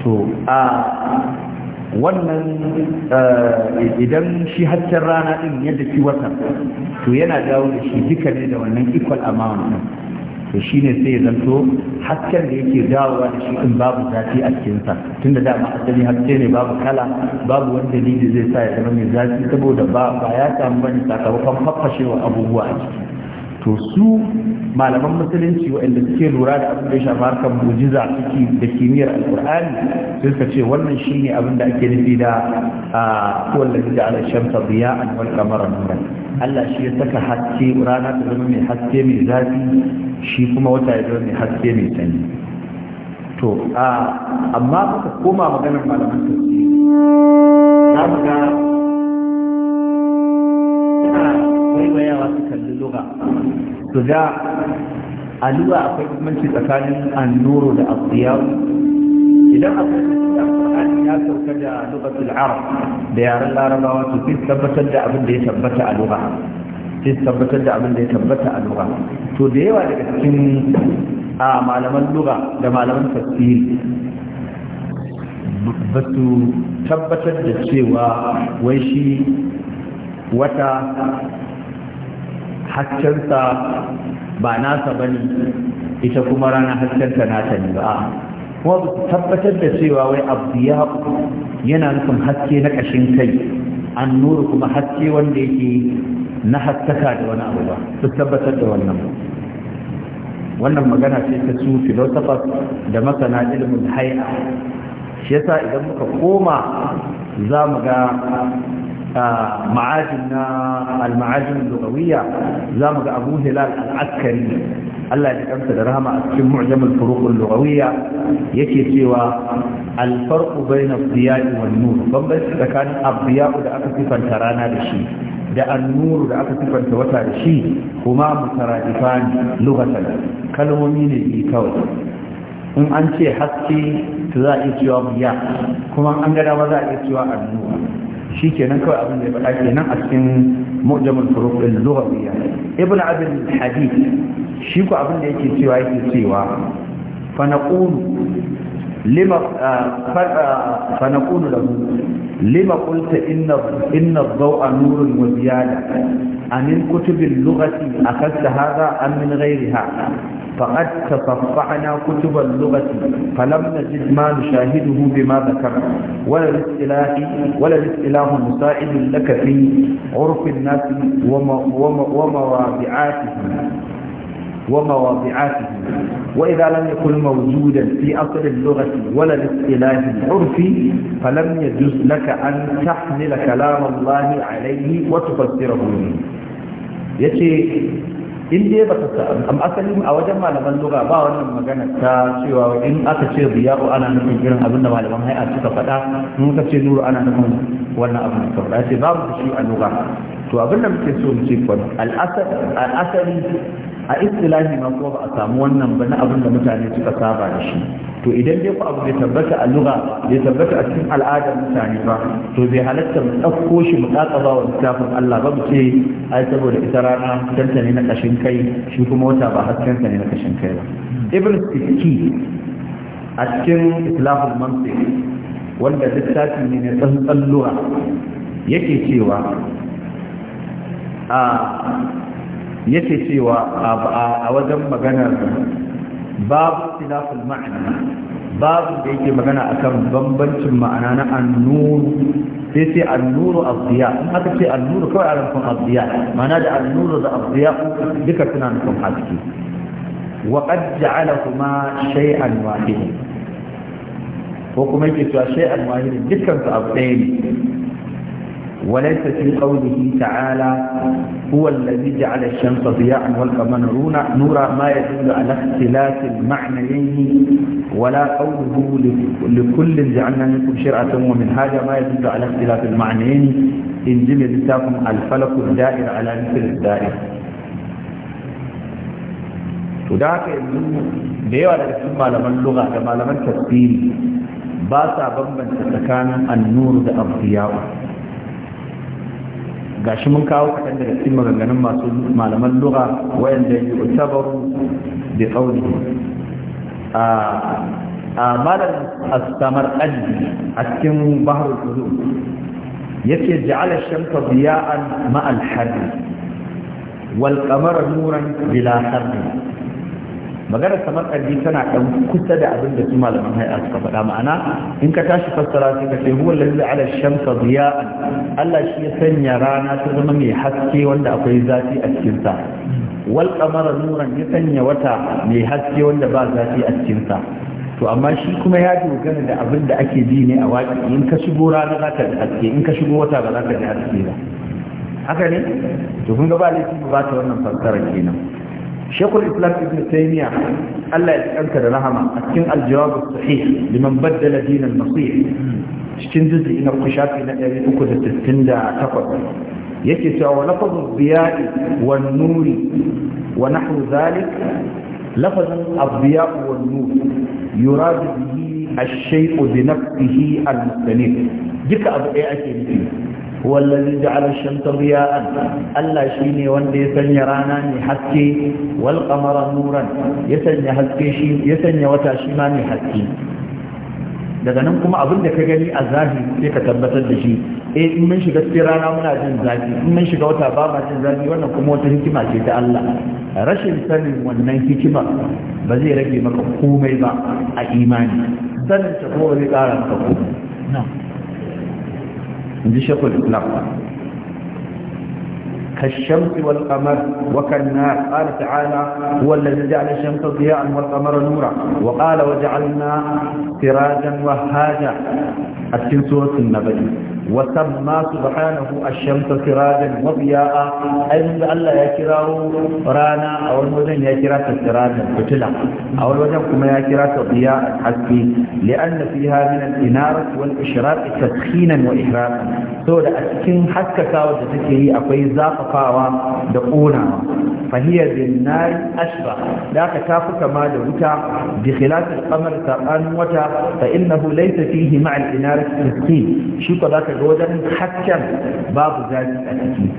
to a wannan idan shi haccen rana din yadda shi wata to yana dawo da shi duka ne da wannan equal amount to shi ne sai ya zanto hasken da yake dawowa da shi in babu zafi a cikinsa tunda ma asali haske ne babu kala babu wani dalili zai sa ya zama mai zafi saboda ba ya samu bane sakamakon faffashewa abubuwa a ciki to su malaman musulunci waɗanda suke lura da abin da ya shafi harkar mujiza da kimiyyar alkur'ani sai suka ce wannan shi ne abin da ake nufi da kowallafi da ala shamsa biya an wal kamar nura Allah shi ya saka haske rana ta zama mai haske mai zafi shi kuma wata ya zama mai haske mai sanyi to amma kuka koma maganar malaman tafsiri waiwayawa su kalli luga su da a luga akwai kumanci tsakanin annuru da asiyawu idan akwai alƙur'ani ya sauka da lugatul arab da yaren larabawa su fi tabbatar da abin da ya tabbata a lura fi tabbatar da abin da ya tabbata a lura to da yawa daga cikin a malaman lura da malaman tafsiri ba su tabbatar da cewa wai shi wata haskensa ba nasa ba ne ita kuma rana haskensa nata ne ba kuma ba tabbatar da cewa wai abu ya yana nufin haske na ƙashin kai an nuru kuma haske wanda yake na haskaka da wani abu ba su tabbatar da wannan wannan magana ce ta su filosofas da masana ilimin hai'a shi yasa idan muka koma za mu ga ma'ajin na al-ma'ajin lugawiyya za mu ga abu hilal al-askari Allah ya kamsa da rahama a cikin mu'jamul furuqul lugawiyya yake cewa al-farqu bayna ad-diya'i wan-nur bambanci tsakanin ad-diya'u da aka sifanta rana da shi da annuru da aka sifanta wata da shi kuma mutaradifan lughatan kalmomi ne bi kawai in an ce haske za a iya cewa biya kuma an ga dama za a iya cewa annuru shi kenan kawai abin da ya faɗa kenan a cikin mu'jamul furuq al-lughawiyya ibn abd hadith shi ko abin da yake cewa yake cewa fa naqulu لما آه، آه، فنقول له لما قلت إن إن الضوء نور وزيادة أمن كتب اللغة أخذت هذا أم من غيرها فقد تصفحنا كتب اللغة فلم نجد ما نشاهده بما ذكر ولا الاستلاح ولا الاستلاح مساعد لك في عرف الناس ومواضعاتهم ومواضعاته وإذا لم يكن موجودا في أصل اللغة ولا الاصطلاح العرفي فلم يجوز لك أن تحمل كلام الله عليه وتفسره منه yace in dai ba ta am asalin a wajen malaman lura ba wannan magana ta cewa in aka ce riya'u ana nufin irin abin da malaman hai'a suka faɗa mun ka ce nuru ana nufin wannan abin da kawai faɗa ce babu shi a lura to abin da muke so mu ce kwan al'asari a istilahi ma kuma ba a samu wannan ba na abin da mutane suka saba da shi to idan dai ku abu bai tabbata a lura bai tabbata a cikin al'adar mutane ba to bai halatta mu ɗauko shi mu ba wa littafin Allah ba mu ce ai saboda ita rana ta ne na ƙashin kai shi kuma wata ba haskensa ne na kashin kai ba ibn siski a cikin islahul mantiq wanda littafi ne na tsantsan lura yake cewa a yake cewa a wajen maganar babu islahul ma'ana babu da yake magana akan bambancin ma'ana na annuru sai sai annuru abdiya in aka ce annuru kawai ana nufin abdiya ma'ana da annuru da abdiya duka suna nufin haske wa qad ja'ala kuma shay'an wahidan ko kuma yake cewa shay'an wahidan dukkan su abu ɗaya ne وليس في قوله تعالى هو الذي جعل الشمس ضياء والقمر نورا ما يدل على اختلاف المعنيين ولا قوله لكل جعلنا منكم شرعة ومن هذا ما يدل على اختلاف المعنيين إن جمل الفلك الدائر على مثل الدائر وذاك da haka على اسم yawa اللغة cikin التفسير باسا da تتكان النور ده sa gashi mun kawo kaɗan daga cikin maganganun masu malaman lura wayanda yi utabaru da tsauni a malar astamar aji a cikin bahar kudu yake ja'ala shamsa biya'an ma'al harbi wal qamara nuran bila harbi maganar kamar ƙarfi tana ɗan kusa da abin da su malaman hai'a suka faɗa ma'ana in ka tashi fassara sai ka ce huwa lalzi ala shamsa diya'an Allah shi ya sanya rana ta zama mai haske wanda akwai zafi a cikin sa wal qamara nuran ya sanya wata mai haske wanda ba zafi a cikin sa to amma shi kuma ya dogara da abin da ake bi ne a waƙi in ka shigo rana za ka ji haske in ka shigo wata ba za ka ji haske ba haka ne to kun ga ba laifi ba ta wannan fassara kenan shekul islam ibn taymiya Allah ya tsanta da rahama a cikin aljawab sahih liman baddala din al-masih cikin juz'i na kushafi na 368 yake cewa wa lafzu biya'i wan nuri wa nahwu zalik lafazin abdiya wan nur yuradu bihi ash-shay'u bi nafsihi al-mustalim duka abu ɗaya ake nufi wallazi ja'ala ash-shamsa diya'an Allah shine wanda ya sanya rana mai haske wal qamara nuran ya sanya haske shi ya wata haske daga nan kuma abin da ka gani a zahiri sai ka tabbatar da shi eh in mun shiga cikin rana muna jin zafi in mun shiga wata ba ma jin zafi wannan kuma wata hikima ce ta Allah rashin sanin wannan hikima ba zai rage maka komai ba a imani sanin ta kowa zai kara maka komai in ji shekul islam كالشمس والقمر وكالنار قال تعالى هو الذي جعل الشمس ضياء والقمر نورا وقال وجعلنا سراجا وهاجا أتين سورة النبي وسمى سبحانه الشمس سراجا وضياء أي الله يكراه رانا أو الوزن يكراه سراجا فتلا أو الوزن كما يكراه ضياء حسبي لأن فيها من الإنارة والإشراق تسخينا وإحراقا سورة حتى حكا تكري أقوي زافة zafafawa da ƙona fahiyar bin ashba da aka fi kama da wuta bi khilafin kamar saɓanin wata fa innahu laysa fihi ma'al inarat miskin shi ko zaka ga wajen hakkan babu zafi a ciki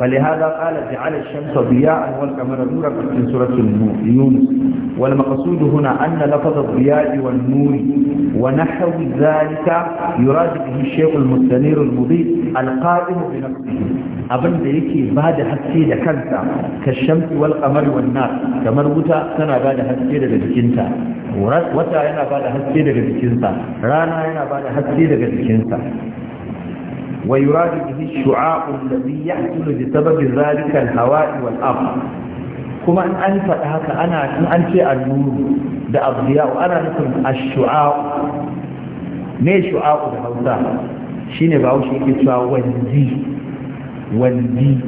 فلهذا قال جعل الشمس ضياء والقمر نورا في سورة يونس والمقصود هنا أن لفظ الضياء والنور ونحو ذلك يراد به الشيخ المستنير المضيء القائم بنفسه abin da yake ba da haske da kansa ka shamsi wal qamari wan kamar wuta tana ba da haske daga jikinta wata yana ba da haske daga jikinsa rana yana ba da haske daga jikinsa wa yuradu bihi shu'a'u alladhi yahsulu bi sababi dhalika al-hawa'i wal ardh kuma in an faɗa haka ana in an ce annuru da abdiya'u ana nufin ash-shu'a'u ne shu'a'u da Hausa shine bawo shi yake cewa wanzi wandi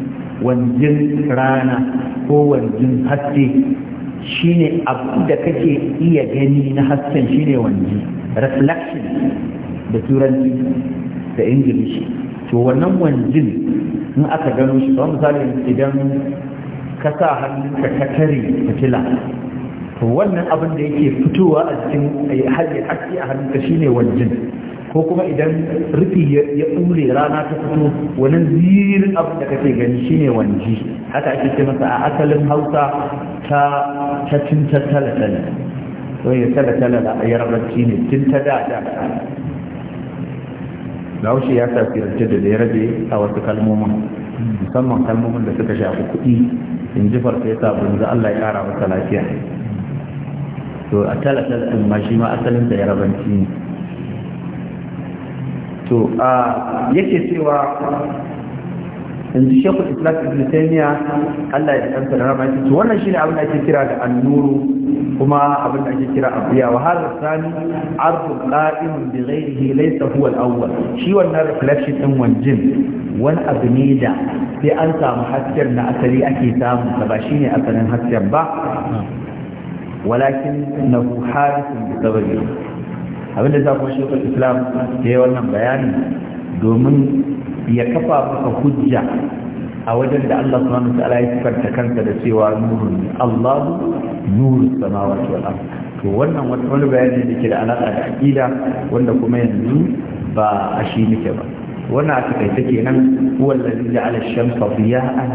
wanjin rana ko wanjin haske shine abu da kake iya gani na hasken shine wanji reflection da turanci da ingilishi to wannan wanjin in aka gano shi kamar misali idan ka sa hannunka ka tare fitila to wannan abin da yake fitowa a cikin eh, a haske a hannunka shine wanjin ko kuma idan rufi ya ɓure rana ta fito wani zirin abu da kake gani shine wanji haka ake ce masa a asalin hausa ta cacin ta talatala to ya talatala da yarabci ne tun ta da da laushi ya tafiyarce da da ya rabe a wasu kalmomin musamman kalmomin da suka shafi kuɗi in ji farka ya sabon za Allah ya kara masa lafiya to a talatala ɗin ma shi ma asalin da yarabanci ne to a yake cewa yanzu shekul islam ibn taymiya Allah ya tsanta da rama yake wannan shine abin da ake kira da annuru kuma abin da ake kira abiya wa hadha sani ardu qa'im bi ghayrihi laysa huwa al-awwal shi wannan reflection din wanjin wani abu ne da sai an samu hasken na asali ake samu ba shine asalin hasken ba walakin na harisun da sababi abin da za kuma shekul islam ya yi wannan bayani domin ya kafa maka hujja a wajen da Allah subhanahu wa ta'ala ya sifarta kansa da cewa nurun ne Allah nuru samawati wal ardh to wannan wani bayani da ke da alaƙa da aqida wanda kuma yanzu ba a shi nake ba wannan a nan, kenan huwa allazi ja'ala ash-shamsa diya'an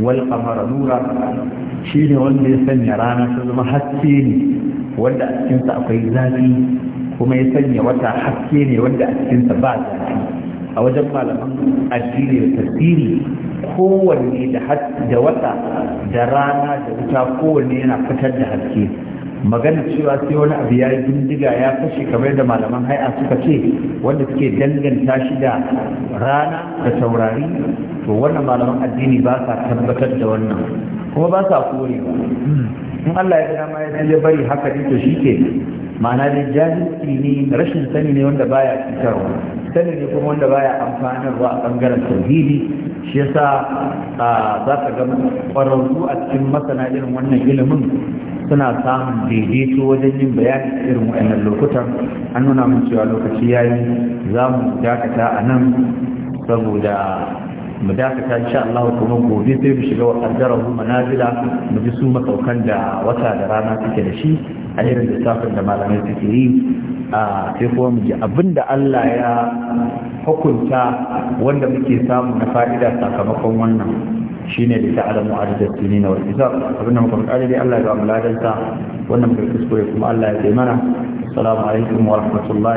wal qamara nura shine wanda ya sanya rana ta zama haske ne wanda a cikinsa akwai zafi kuma ya sanya wata haske ne wanda a cikinsa ba zafi a wajen malaman addini da tasiri kowanne da wata da rana da wuta kowanne yana fitar da haske magana cewa sai wani abu ya bindiga ya fashe kamar da malaman hai'a suka ce wanda suke danganta shi da rana da taurari to wannan malaman addini ba sa tabbatar da wannan kuma ba sa korewa in Allah ya dama ma ya bari haka to shi ke ma'ana da jahilci ne rashin sani ne wanda baya fitarwa sani ne kuma wanda baya amfanarwa a bangaren tauhidi shi yasa za ka ga ƙwararru a cikin masana irin wannan ilimin suna samun daidaito wajen yin bayani irin wa'annan lokutan an nuna mun cewa lokaci ya yi. za mu dakata a nan saboda mu dakata insha Allah kuma gobe sai mu shiga wa kaddarahu manazila mu ji su masaukan da wata da rana suke da shi a irin lissafin da malamai suke yi a sai kuma mu ji abinda Allah ya hukunta wanda muke samu na fa'ida sakamakon wannan shine da ta alamu a da tuni na wani isa abinda muka faɗa dai Allah ya ba mu ladanta, wannan muka kuskure kuma Allah ya taimana assalamu alaikum wa rahmatullahi